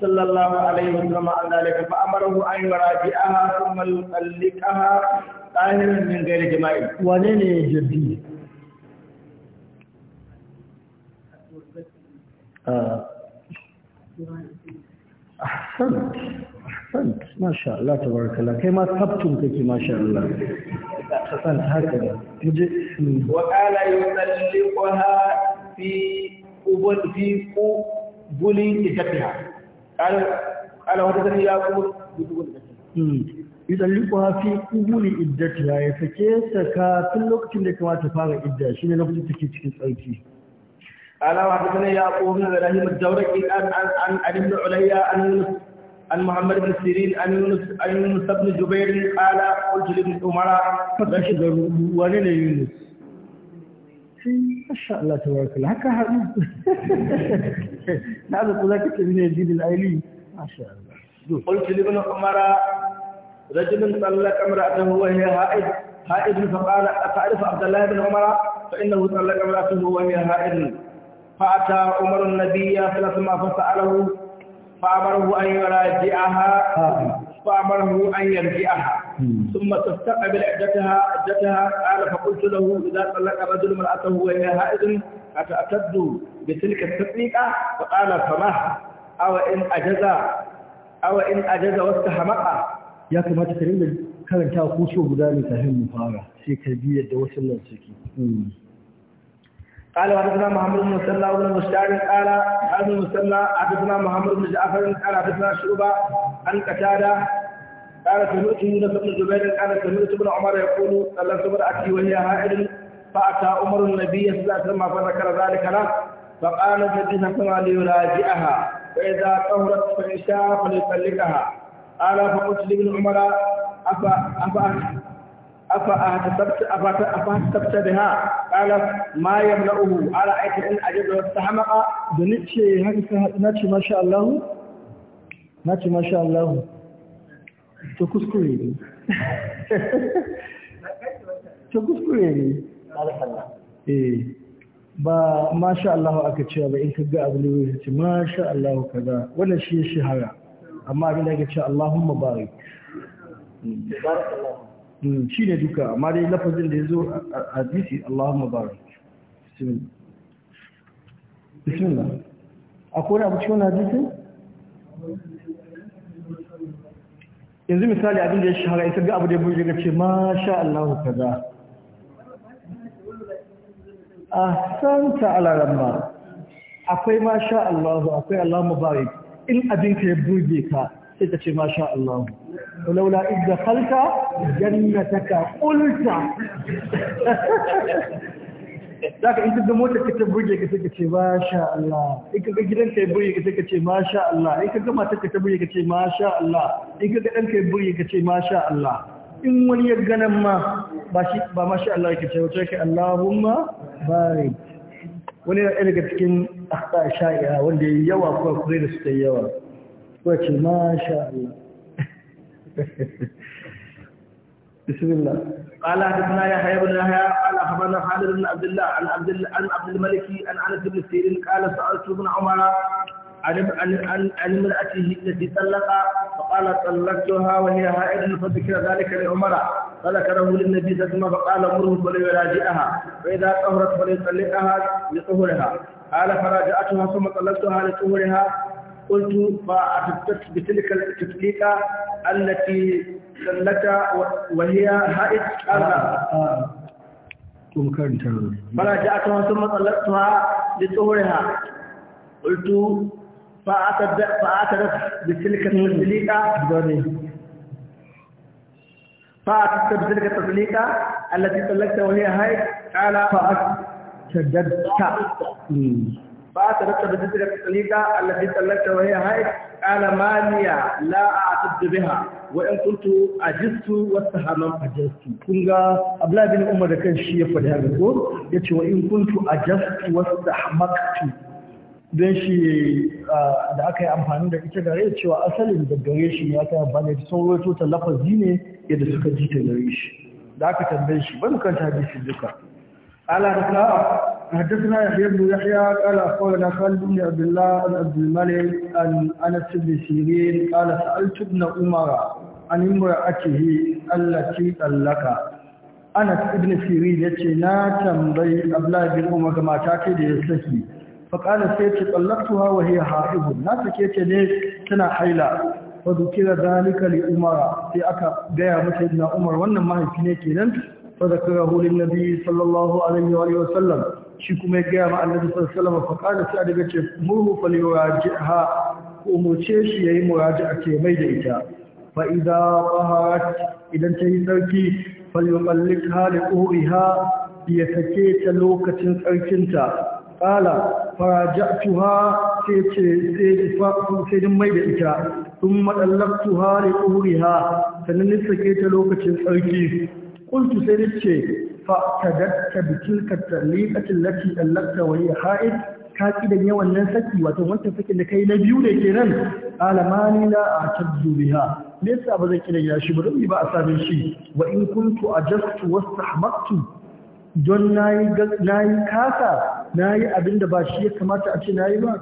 صلى الله عليه وسلم عن ذلك فأمره أن يراجعها ثم يطلقها طاهرا من غير جماع ولن يجدي آه. أحسنت أحسنت ما شاء الله تبارك الله كما تبتم كي ما شاء الله أحسنت هكذا وقال يطلقها في قبل في قبل إجابها قال قال وحدثني يعقوب yutalliquha fi qubuli iddatiha ya sake saka tun lokacin da kuma ta fara idda shi ne na lokacin take cikin tsarki alawa ta hadathana ya bin ibrahim ad mai an an adin da ulayya an yunus an muhammad bin sirin an yunus an yunus ibn jubair qala qultu li ibn umara fadashdaru wa ne yunus Masha Allah ta baraka haka haɗu. Na da ku za ka tafi aili. Masha Allah. Qultu li ibn Umara rajulun tsallaka imra'atahu wa hiya ha'id ha'id fa qala ata'rifu Abdullah ibn Umara fa innahu tsallaka imra'atahu wa hiya ha'id. Fa ata Umar an-nabiy sallallahu alaihi fa amarahu an yuraji'aha fa amarahu an yarji'aha. ثم تستقبل عدتها عدتها قال فقلت له إذا طلق الرجل امرأته وهي هائد أتأتد بتلك التطليقة فقال فمه أو إن أجز أو إن أجز واستحمق يا كما تترين كان تاو كوشو بداني تهم مفارة في كربية وصلنا سكي قال وحدثنا محمد بن مسلى وابن مشتاق قال هذا المسلى حدثنا محمد بن جعفر قال حدثنا شعبة عن قتادة قال سمعت يونس بن جبير قال سمعت ابن عمر يقول صلى امرأتي وهي هائل فأتى عمر النبي صلى الله عليه وسلم فذكر ذلك له فقال النبي صلى الله عليه وسلم ليراجعها فإذا طهرت فإن شاء فليطلقها قال فقلت لابن عمر أفا أفا أفا أفا أفأهتبت بها قال ما يملأه على أيك إن أجد واستحمق بنتشي هكذا نتشي ما شاء الله نتشي ما شاء الله to kuskure ne to kuskure ne eh ba masha Allah aka cewa ba in ka ga abu ne ya ce masha Allah kaza wannan shi ya shahara amma abin da ake cewa Allahumma barik hmm, shi ne duka amma dai lafazin da ya zo a hadisi Allahumma barik bismillah akwai abu cikin hadisin yanzu misali abin da ya shahara ita ga abu da ya buɗe daga ma masha Allah za a san ta alaramma akwai masha Allah akwai Allah mubarak in abin ka ya burge ka sai ka ce masha Allah laula idda khalta jannataka ulta [laughs] za ka in ka motar ka ta burge ka sai ka ce masha Allah in ka ga gidan ka ya burge ka sai ka ce masha Allah in ka ga matar ka ta burge ka ce masha Allah in ka ga ɗan ka ya burge ka ce masha Allah in wani ya ganan ma ba shi ba masha Allah ka ce wato ka Allahumma bari wani yana daga cikin akhta sha'ira wanda ya yawa ko kure da su ta yawa ko ce masha Allah [laughs] بسم الله قال حدثنا يحيى بن يحيى قال اخبرنا خالد بن عبد الله عن عبد عن عبد الملك عن انس بن سيرين قال سالت ابن عمر عن عن عن امراته التي طلق فقال طلقتها وهي حائض فذكر ذلك لعمر فذكره للنبي صلى الله عليه وسلم فقال امره فليراجعها فاذا طهرت فليطلقها لطهرها قال فراجعتها ثم طلقتها لطهرها قلت فأتبتت بتلك التطليقة التي sallata wa hiya ha'id qala kuma karanta bala ji aka wasu matsalatuwa da tsoriha ultu fa aka da fa aka da bisilka tasliqa dare fa aka da bisilka tasliqa allati sallata wa hiya ha'id qala fa ta rata da jirgin tsanika allafi ya haik ƙala maliya la a tattabi wa in kuntu ajistu hannun a jistu kun ga abu bin Umar da kan shi ya faɗi haka ya yace wa in kuntu ajastu wa hamakatu don shi da aka yi amfani da ita gare cewa asalin da gare shi ya ta amfani da sauran ta lafazi ne yadda suka ji ta gare shi da aka tambaye shi ban kanta ta ji duka قال رفاعة حدثنا يحيى بن يحيى قال na خالد بن عبد الله عن عبد الملك عن أنس بن سيرين قال سألت ابن عمر عن امرأته التي طلقها Anas ibn Sirin yace na tambayi Abdullah bin Umar ga mata ce da ya saki fa qala sai ce tallaqtuha wa hiya haibun na take ce ne tana haila fa dukira zalika li Umar sai aka gaya mata Umar wannan mahaifi ne kenan فذكره للنبي صلى الله عليه وآله وسلم شكما يقام عن النبي صلى الله عليه وسلم فقال سعد مره فليراجعها ومرشيش يهي مراجعة ميد إتا فإذا ظهرت إذا انتهي تركي فليطلقها لقهرها ليتكيت لوكة تركنتا قال فراجعتها سيد ميد إتا ثم طلقتها لقهرها فلنسكيت لوكة تركي qultu sai nace fa tadatta bi tilka taliqati allati dallakta wa hiya ha'id ka kidan yawan nan saki wato wannan sakin da kai na biyu ne kenan alamani a a'tadu biha me yasa ba zan kidan ya shi ba dan ba a sabin shi wa in kuntu ajastu wastahmaqtu don nayi nayi kasa nayi abinda ba shi ya kamata a ce nayi ba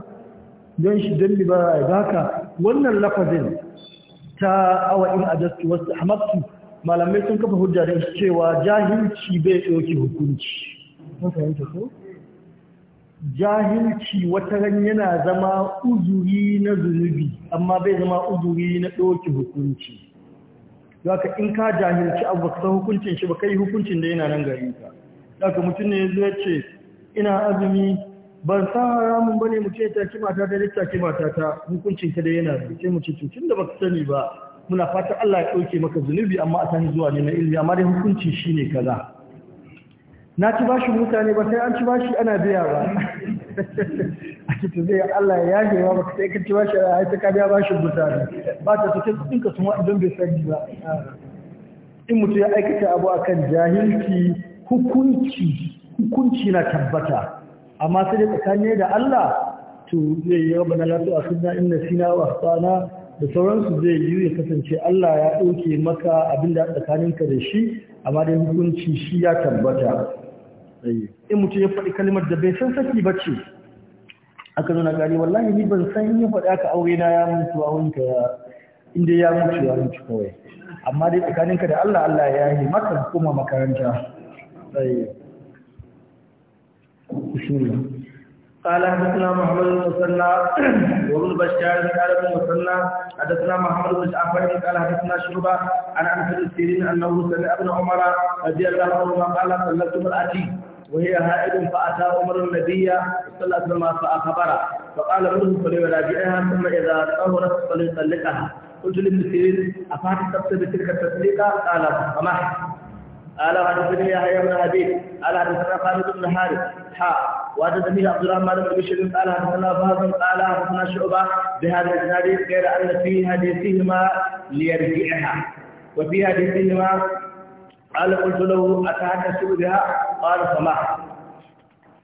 don shi dalli ba ya baka wannan lafazin ta awa in ajastu wastahmaqtu malamai sun kafa hujja da cewa jahilci bai ɗauki hukunci jahilci wata ran yana zama uzuri na zunubi amma bai zama uzuri na ɗauki hukunci zaka in ka jahilci abu ka san hukuncin shi ba kai hukuncin da yana nan gari ka zaka mutum ne ce ina azumi ban san haramun ne mu ce ta ki mata ta ta ki ta hukuncin ka da yana da sai mu ce cutun da ba ka sani ba muna fatan Allah ya ɗauke maka zunubi amma a sani zuwa ne na ilmi amma dai hukunci shi ne kaza na ci bashi mutane ba sai an ci bashi ana biya ba [laughs] a cikin zai Allah ya yaje ba ba sai ka ci bashi a haita ka biya bashin mutane ba ta cikin kudin ka suma idan bai sani ba in mutum ya aikata abu akan jahilci hukunci hukunci na tabbata amma sai da tsakanin da Allah to zai yi rabbana a sunna in sina wa akhtana da sauransu zai yi ya kasance Allah ya ɗauke maka abin da tsakaninka da shi amma dai hukunci shi ya tabbata in mutum ya faɗi kalmar da bai san saki ba ce aka nuna gari wallahi ni ban san yi faɗi aka aure na ya mutu a wanka inda ya mutu ya mutu kawai amma dai tsakaninka da Allah Allah ya yi maka kuma makaranta bismillah قال حدثنا محمد بن مسنى وابن بشار قال ابن مسنى حدثنا محمد بن جعفر قال حدثنا شعبة عن عن السيرين انه سمع ابن عمر رضي الله عنهما قال صلت امرأتي وهي هائل فأتى عمر النبي صلى الله عليه وسلم فأخبره فقال صلي فليراجعها ثم إذا طهرت فليطلقها قلت لابن سيرين أفعلت تبتدي التطليقة قال فما قال حدثني يحيى بن حبيب قال حدثنا خالد بن حارث حاء وحدثني عبد الرحمن بن بشير قال حدثنا فاضل قال حدثنا شعبه بهذا الاسناد غير ان في حديثهما ليرجعها وفي حديثهما قال قلت له اتحدث بها قال سماح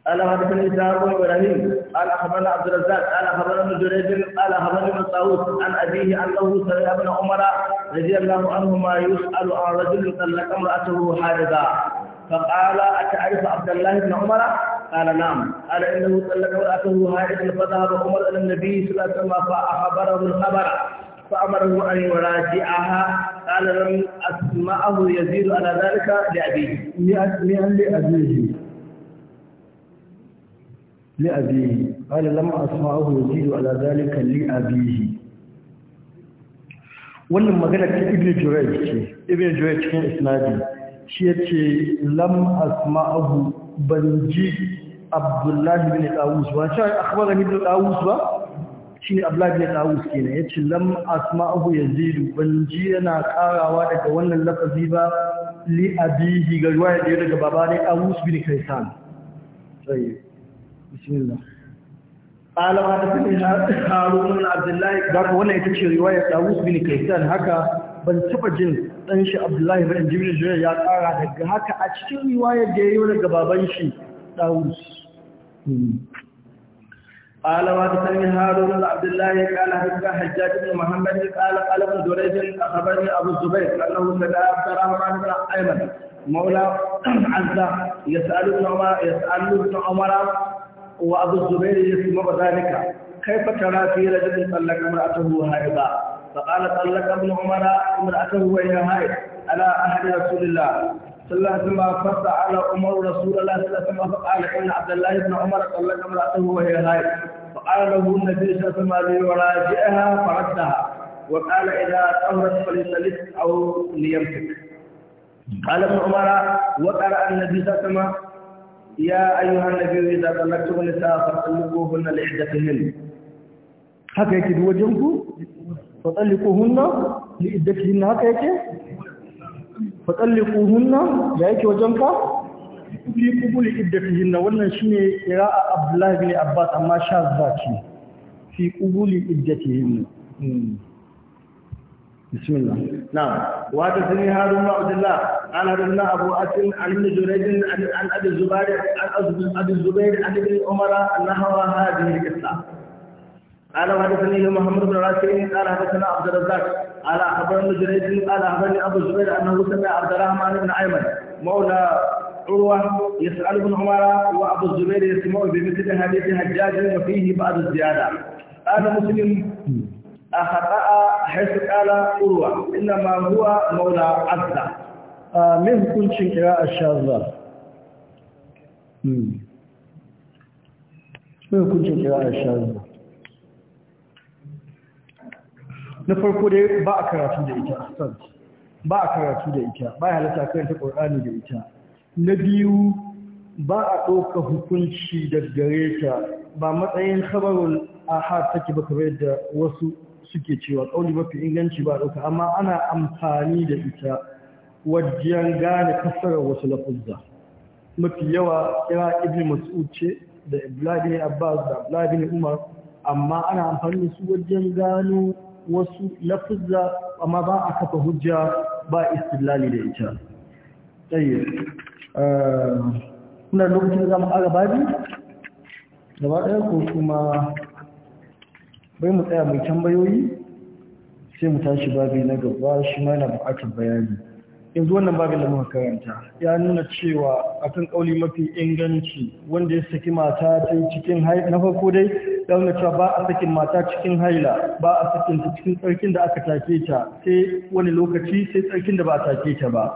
قال حدثني اسحاق بن ابراهيم قال اخبرنا عبد الرزاق قال اخبرنا ابن جريج قال اخبرني ابن طاووس عن ابيه انه سمع ابن عمر رضي الله عنهما يسال عن رجل طلق امراته حاجزا فقال اتعرف عبد الله بن عمر قال نعم قال انه طلق امراته حاجزا فذهب عمر الى النبي صلى الله عليه وسلم فاخبره الخبر فأمره أن يراجعها قال لم أسمعه يزيد على ذلك لأبيه لأبيه لأبيه قال لما أسمعه يزيد على ذلك لأبيه wannan magana ta ibn Jurayj ce ibn Jurayj cikin isnadi shi yace lam asma'ahu banji Abdullah ibn dawus wa sha akhbarani ibn dawus ba shine Abdullah ibn Tawus kenan yace lam asma'ahu Yazid banji yana karawa daga wannan lafazi ba li abihi ga riwaya daga baba ne Tawus bin Kaysan sai bismillah abdullahi wannan ita ce riwayar bin kaysan haka ban taba jin dan shi abdullahi bin jibril jira ya tsara daga haka a cikin riwaya da yayi daga baban shi dawud ala ma tafi harun bin abdullahi kana haka hajjaj bin muhammad kana ala bin durayj bin akhbar bin abu zubayr annahu sada sarah ma ayman مولا عز يسألون عمر يسألون عمر وأبو الزبير يسمى ذلك كيف ترى في رجل طلق امرأته هائبا فقال طلق ابن عمر امرأته وهي هائب على أهل رسول الله صلى الله عليه وسلم على عمر رسول الله صلى الله عليه وسلم فقال إن عبد الله بن عمر طلق امرأته وهي هائب فقال له النبي صلى الله عليه وسلم ليراجعها فردها وقال إذا طهرت فليسلك أو ليمسك قال ابن عمر وقرأ النبي صلى الله عليه وسلم يا أيها النبي إذا طلقتم النساء فطلقوهن لعدتهن haka yake duk wajen ku fatsallikuhunna li iddatihinna haka yake fatsallikuhunna ya yake wajen ka li qubuli iddatihinna wannan shine qira'a Abdullah ibn Abbas amma shazza ce fi qubuli iddatihinna بسم الله نعم وحدثني هارون بن عبد الله قال حدثنا ابو اسلم عن ابن جريج عن ابي الزبير عن ابي الزبير عن ابن عمر نحو هذه القصه قال وحدثني محمد بن راشد قال حدثنا عبد الرزاق قال اخبرني جريج قال اخبرني ابو الزبير انه سمع عبد الرحمن بن ايمن مولى عروه يسال ابن عمر وابو الزبير يسمعه بمثل حديث حجاج وفيه بعض الزياده هذا مسلم أخطأ حيث قال أروى إنما هو مولى عبد من كل قراءة الشاذة من كل قراءة الشاذة na farko dai ba a karatu da ita ba a karatu da ita ba ya halatta karanta ƙorani da ita na biyu ba a ɗauka hukunci da gareta, ta ba matsayin khabarul ahad take ba kamar da wasu suke cewa kauli mafi inganci ba ɗauka amma ana amfani da ita wajen gane kasarar wasu lafuzza mafi yawa kira ibn mas'ud ce da ibladin abbas da ibladin umar amma ana amfani da su wajen gano wasu lafuzza amma ba a kafa hujja ba istilali da ita kuna eh, lokacin zama aga babi gaba ɗaya ko kuma bai mu tsaya mai tambayoyi sai mu tashi babi na gaba shi ma yana buƙatar bayani yanzu wannan babin da muka karanta ya nuna cewa akan kauli mafi inganci wanda ya saki mata ta cikin haila na farko dai ya nuna cewa ba a sakin mata cikin haila ba a sakin cikin tsarkin da aka take ta sai wani lokaci sai tsarkin da ba a take ta ba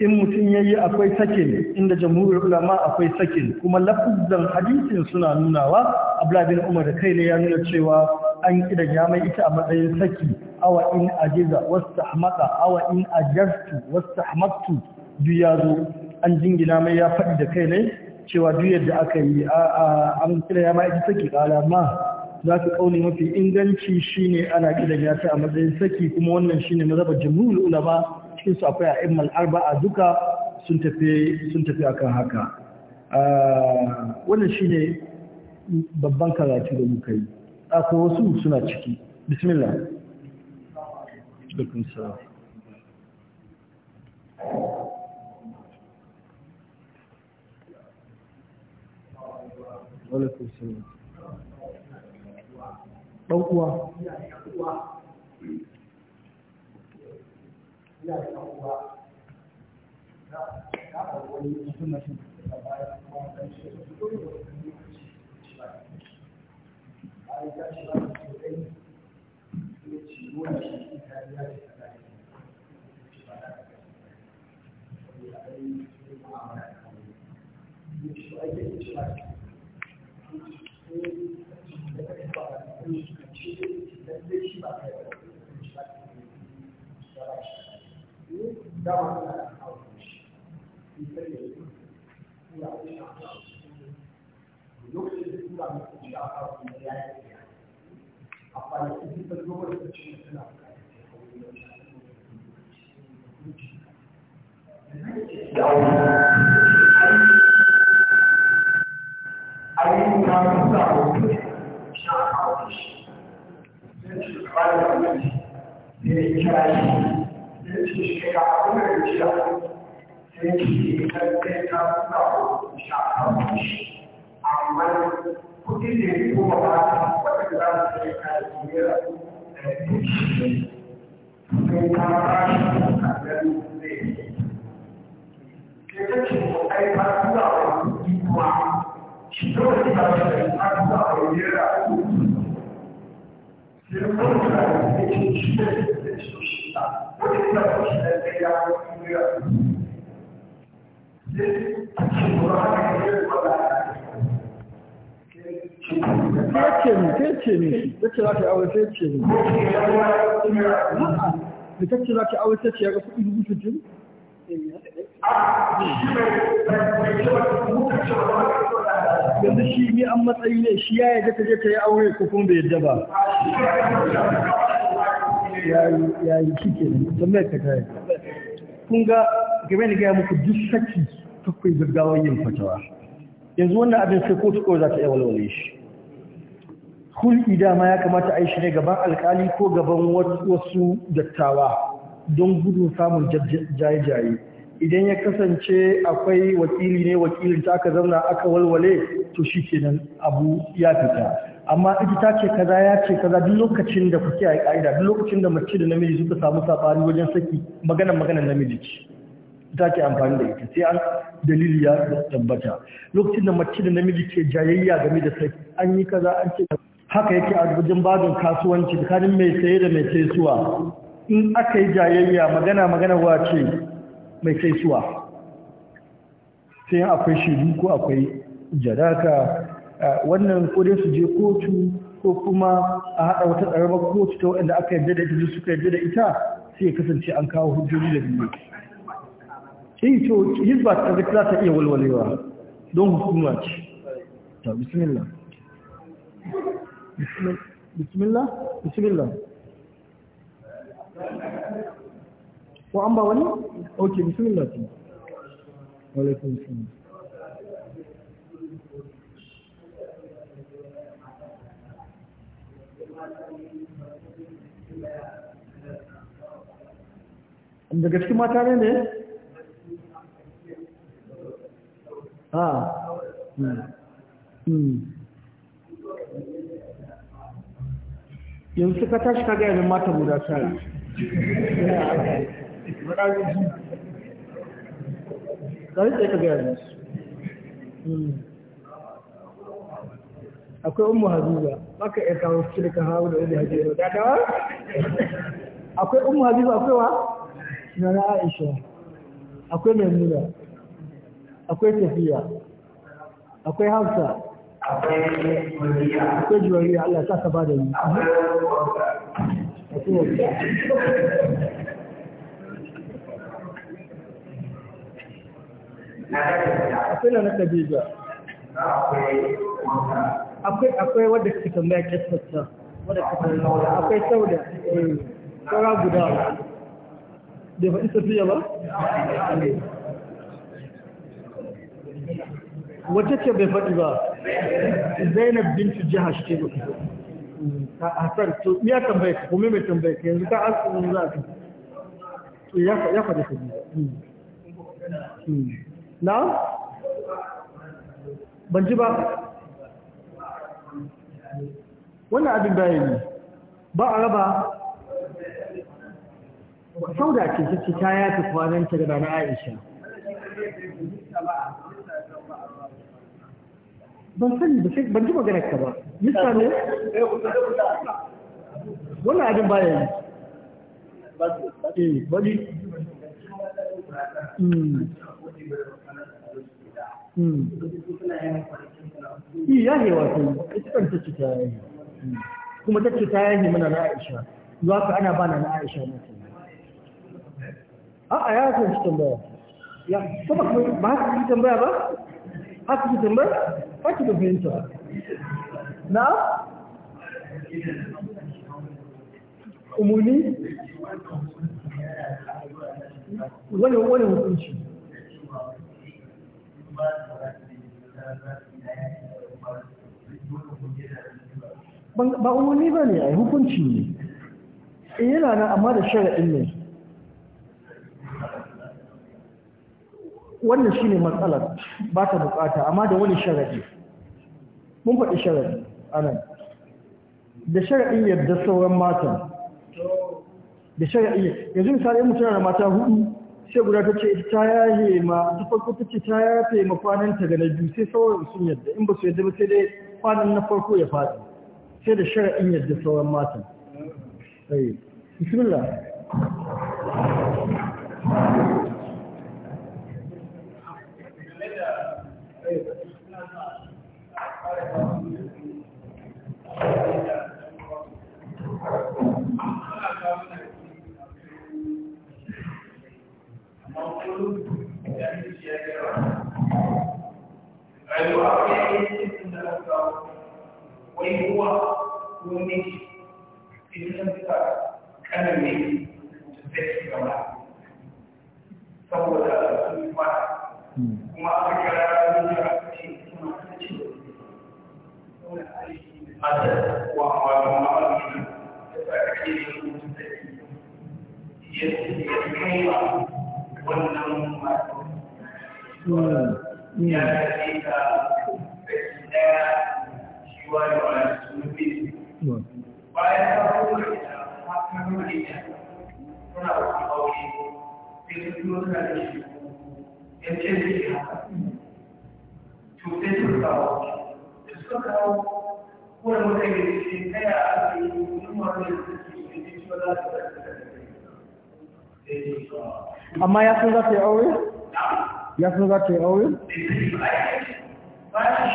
in mutum ya yi akwai sakin inda jamhuriyar ulama akwai sakin kuma lafizan hadisin suna nunawa bin umar da kai ne ya nuna cewa an kida ya mai ita a matsayin saki awa in ajiza wasu hamaka awa in ajartu wasu hamaktu duk ya zo an jingina mai ya faɗi da kai ne cewa duk yadda aka yi an kida ya mai ita saki ƙala ma za ka kauni mafi inganci shine ana kidan ya ta a matsayin saki kuma wannan shine mazhabar jamhuriyar ulama cikin su akwai a'immal arba'a duka sun tafi sun tafi akan haka ah, wannan shine babban karatu da muka yi akwai wasu suna ciki bismillah Bismillah. Walaikun salam. Ɗan uwa. Thank da a ta amma na ne ko ba ba ba ka da za su yi 哎，不是，跟他产生感情的一些，因为这些，我猜他需要一个依靠，许多的家人，他需要一个依靠。其实，父母大人，你去认识认识就行了，我就不想再增加一个音乐。其实，父母大人，你去认识认识就行了，我就不想再增加一个音乐。ta ce yanzu shi ne an matsayi ne shi ya ta je ta yi aure ko kuma bai yadda ya yi shi ke nan ka game da gaya muku duk saki takwai gaggawar yin fatawa yanzu wannan abin sai kotu kawai za ta yi walwale shi hulɗi dama ya kamata a yi shi ne gaban alkali ko gaban wasu dattawa don gudun samun jaye-jaye idan ya kasance akwai wakili ne wakilin ta aka zauna aka walwale to shi ke nan abu ya fita amma ita ta ce kaza ya ce kaza duk lokacin da kuke a ka'ida duk lokacin da mace da namiji suka samu safari wajen saki magana magana namiji ce ta ke amfani da ita sai an dalili ya tabbata lokacin da mace da namiji ke jayayya game da saki an yi kaza an ce haka yake a wajen babin kasuwanci tsakanin mai saye da mai saisuwa in aka yi jayayya magana magana wace mai saisuwa sai akwai shiru ko akwai jaraka wannan kodin su je kotu ko kuma a haɗa wata ƙaramar kotu ta waɗanda aka yadda da ita suka yarda da ita sai ya kasance an kawo hujjoji da biyu in to hizba ta zai za ta iya walwalewa don hukuma ce ta bismillah بسم, بسم الله بسم الله ko an ba wani? ok bismillah ce walaikun salam daga cikin mata ne ne? ha yanzu ka tashi ka gaya min mata guda tara ƙarfe ka gaya min hmm. akwai umu habiba baka iya kawo su da kawo da umu habiba da dawa akwai umu habiba akwai wa na na aisha akwai maimuna akwai tafiya akwai hafsa akwai juwariya Allah sa ka da yi akwai na naka akwai akwai wadda ka tambaya akwai sauda eh, saura guda bai faɗi safiya ba? wata ce bai faɗi ba zainab bintu jihash ce ba ka hasan to ya tambaye ka kuma mai tambaye ka yanzu ka asirin za ka to ya faɗi ka biyu hmm. hmm. na ban ji ba wannan abin bayan ne, ba a raba sau da ta ce ta yafi ta da na aisha ban sani da ban ji maganar ka ba misali wannan abin baya yi eh, hmm. Hmm. Eh, ya ne wato, ita kan ta yi. Hmm. Kuma ta yi mana na Aisha, za ka ana bana na Aisha na A'a ya tambaya. Ya, kuma ba ka tambaya ba? haka ki tambar haka da fahimta na umuni wani wani hukunci ba umarni ba ne a hukunci ne eh, yana nan amma da shara'in ne wannan shi ne matsalar ba ta bukata amma da wani sharaɗi mun faɗi sharaɗi anan da sharaɗin yadda sauran matan da sharaɗi yanzu misali mutum da mata hudu sai guda ta ce ta yaye ma ta farko ta ce ta yafe ma kwanan ta ga na biyu sai sauran sun yadda in ba su yadda ba sai dai kwanan na farko ya faɗi sai da sharaɗin yadda sauran matan bismillah القلوب يعني الشياكرة فيعطي يجب أن نفسه وهو ومشي إذا لم كان مني تتكي كما فهو لا يسمع وما أفكر أن يعطي ثم تتكي هذا هو أمر يتكي يتكي يتكي wannan masu ya ce ka kashi daya shi wani wani sunubi bayan ta kuma ita haka nuna ita suna wasu aure sai ya ce da shi haka to sai su kawo da suka kawo kowane mutane da shi wani da amma ya sun za ta yi aure? ya sun za ta yi aure?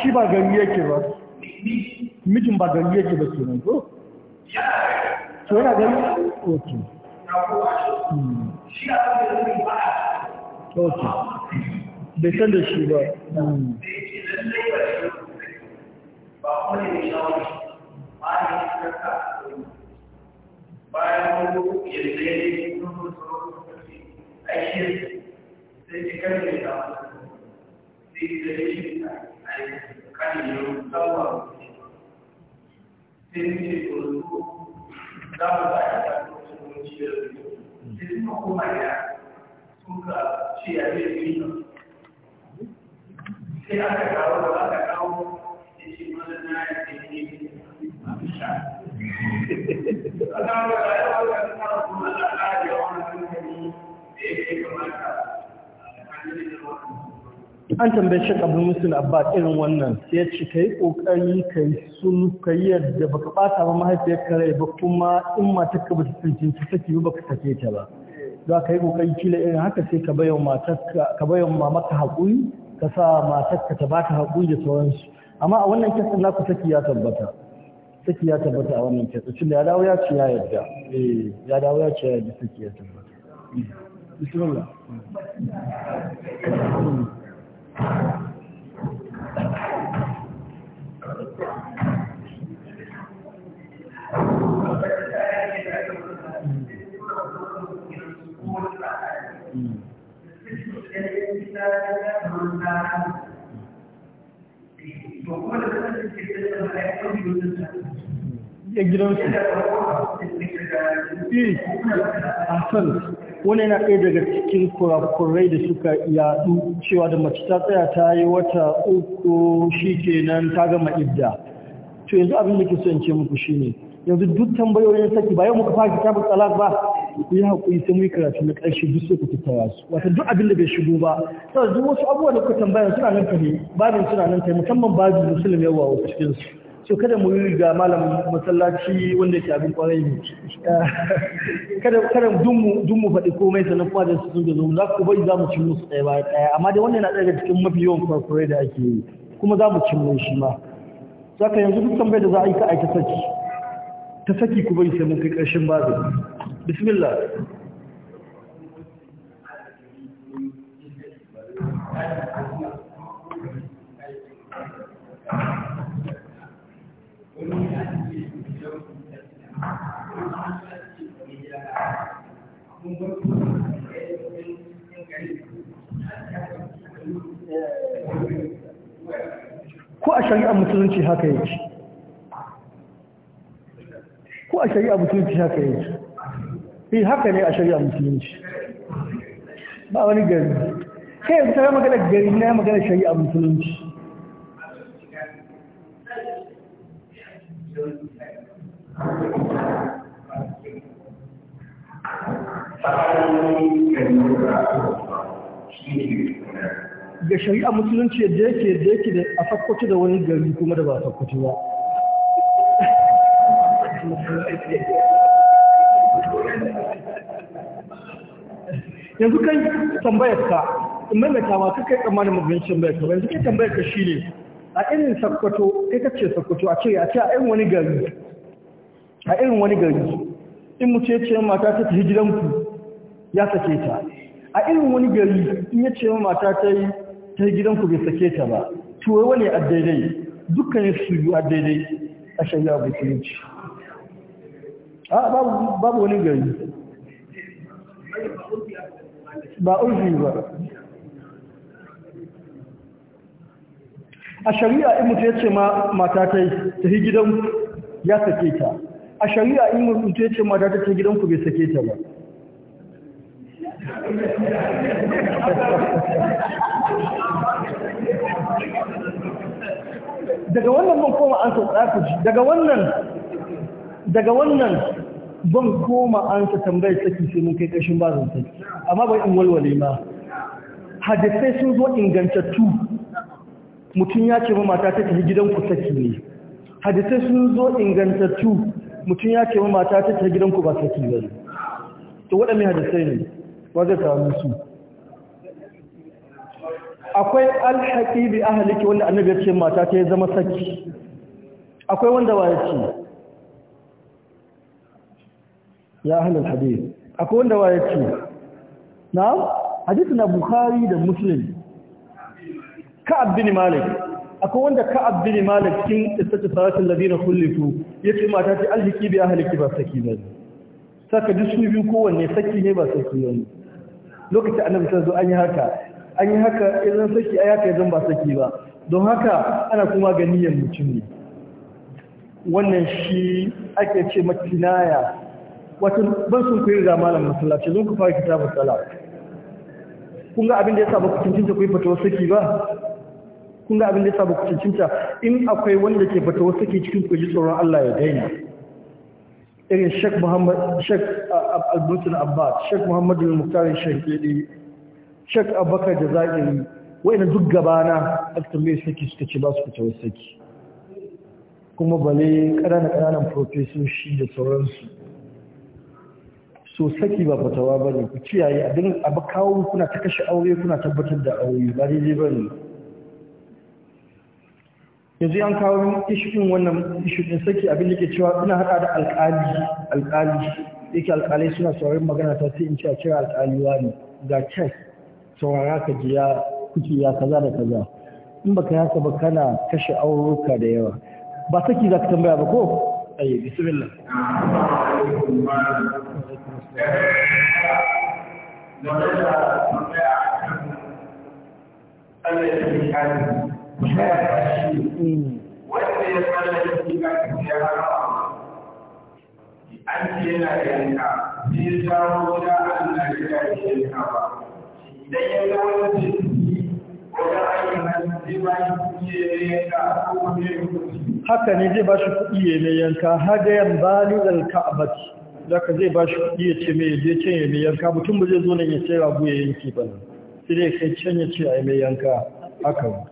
shi ba gari yake ba mijin ba gari yake ba kenan ko? to yana gari? ok hmm. ok bai san da shi ba hmm. bayan ƙarshen sai ce kan ne da wata sai a sai sai yi an tambaye shi abu musul abbas irin wannan sai ya ce kai kokari kai sun kai yadda baka bata ba mahaifiyar kare ba kuma in mata ka ta tsinci ta saki ba ka sake ta ba za ka yi kokari kila irin haka sai ka bayan matar ka mamaka hakuri ka sa matar ka ta ta hakuri da sauransu amma a wannan kisan na ku saki ya tabbata saki ya tabbata a wannan kisan tunda ya dawo ya ce ya yadda eh ya dawo ya ce ya yadda saki ya tabbata بسم الله hmm. ya gidansu. Hmm. Eh, a wani yana ɗaya daga cikin kurakurai da suka yadu cewa da mace ta tsaya ta yi wata uku shi kenan ta gama idda to yanzu abin da ke son ce muku shi ne yanzu duk tambayoyin saki ba yau muka fara kitabu talak ba ku yi haƙuri sai mu yi karatu na ƙarshe duk sai ku tattara su wata duk abin da bai shigo ba saboda duk wasu abubuwa da kuka tambaya suna nan tafi babin suna nan tafi musamman babin musulmi yawa a cikin su so kada mu yi ga malam masallaci wanda ke abin kwarai ne kada kada dun mu faɗi komai sannan kuma da su sun zo za ku bai za mu cin musu ɗaya bayan ɗaya amma dai wannan na ɗaya daga cikin mafi yawan kwarai da ake yi kuma za mu cin mu shi ma saka yanzu duk tambayar da za a yi ka aika saki ta saki ku bai sai mun kai ƙarshen babu bismillah ko a shari'a musulunci haka yake ko a shari'a musulunci haka yake eh haka ne a shari'a musulunci ba wani gari kai yanzu tare magana gari na magana shari'ar musulunci ga shari'a musulunci yadda yake yadda yake da a sakkwato da wani gari kuma da ba sakkwato ba yanzu kai tambayar ka in mai mai ma kai tsammanin maganin tambayar ka yanzu kai tambayar ka shine a irin sakkwato kai ce sakkwato a ce a ce a irin wani gari a irin wani gari in mu ce ce mata ta tafi gidanku ya sake ta a irin wani gari in ya ce mata ta yi ta gidanku bai sake ta ba tuwai wani a daidai dukkan su yi a daidai a shari'a musulunci a babu wani gari ba urfi ba a shari'a in mutu ya ce mata ta yi ta gidanku ya sake ta a shari'a in mutu ya ce mata ta yi gidanku bai sake ta ba daga wannan ban koma an sa tsaka ji daga wannan daga wannan ban koma an sa tambayar saki sai mun kai kashin bazan saki amma bai in walwale ma hadisai sun zo ingantattu mutum ya ce ma mata ta tafi gidan ku saki ne hadisai sun zo ingantattu mutum ya ce ma mata ta tafi gidan ku ba saki ba to waɗannan hadisai ne wa ka samu su akwai alhaki bi ahliki wanda annabi ya ce mata ta zama saki akwai wanda ba ya ce ya ahlul hadith akwai wanda ba ya ce na hadithu na bukhari da muslim ka'ab bin malik akwai wanda ka'ab bin malik cikin istata salatul ladina kullifu yace mata ta alhaki bi ahliki ba saki ba saka ji su biyu kowanne saki ne ba saki ne lokacin annabi sallallahu an yi haka an yi haka idan saki ai haka idan ba saki ba don haka ana kuma ga niyyar mutum ne wannan shi ake ce makinaya wato ban sun koyi ga malam masallaci zan ku fara kitabun sala kun ga abin da yasa ba ku cincinta ku yi fatawa saki ba kun ga abin da yasa ba ku cincinta in akwai wanda ke fatawa saki cikin ku tsoron Allah ya daina irin shek Muhammad Sheikh uh, Al-Butul Abbas Sheikh Muhammad al shek Shankidi da Abubakar Jazairi wayannan duk gabana aka mai saki suka ce ba su fita wasu saki kuma bale ƙananan ƙananan profesoshi da sauransu so saki ba fatawa ba ne ku ciyaye a dinga abu kawo kuna ta kashe aure kuna tabbatar da aure ba daidai ba ne yanzu an kawo ishin wannan ishin saki abin da ke cewa ina hada da alƙali alƙali yake alƙalai suna sauraron magana ta sai in ce a kira alƙali ne. ga cek saurara ka ji ya kuke ya kaza da kaza in baka yasa ba kana kashe auruka da yawa ba saki za ka tambaya ba ko ayi bismillah Allah ya wanda ya zai ba shi kuɗi ya yanka ko kuma haka ne zai ba shi kuɗi ya yanka zaka zai ba shi kuɗi ya ce mai je can ya mai yanka mutum ba zai zo nan ya ce ragu ya yanki ba sai dai kai can ya ce a mai yanka haka ba.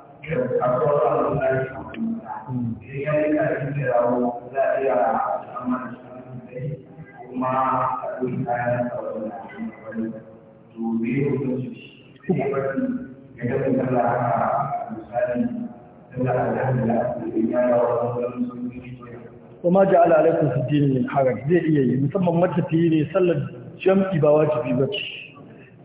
وما جعل عليكم في الدين من حرج zai iya yi musamman matafiyi ne sallar jam'i ba wajibi bace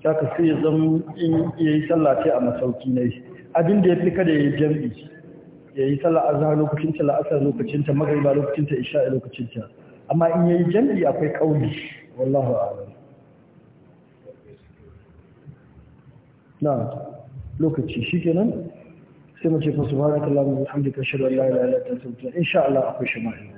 saka sai zan in yayi sallace a masauki yi. abin da ya fi kada ya yi jam'i ya yi a azhar lokacinta la'asar lokacinta magariba lokacinta a lokacinta amma in ya yi jam'i akwai ƙauli wallahu a'lam na lokaci shi nan sai mace fa ba na kalamun hamdika shirar la ilaha illa anta astaghfiruka insha Allah akwai shama'i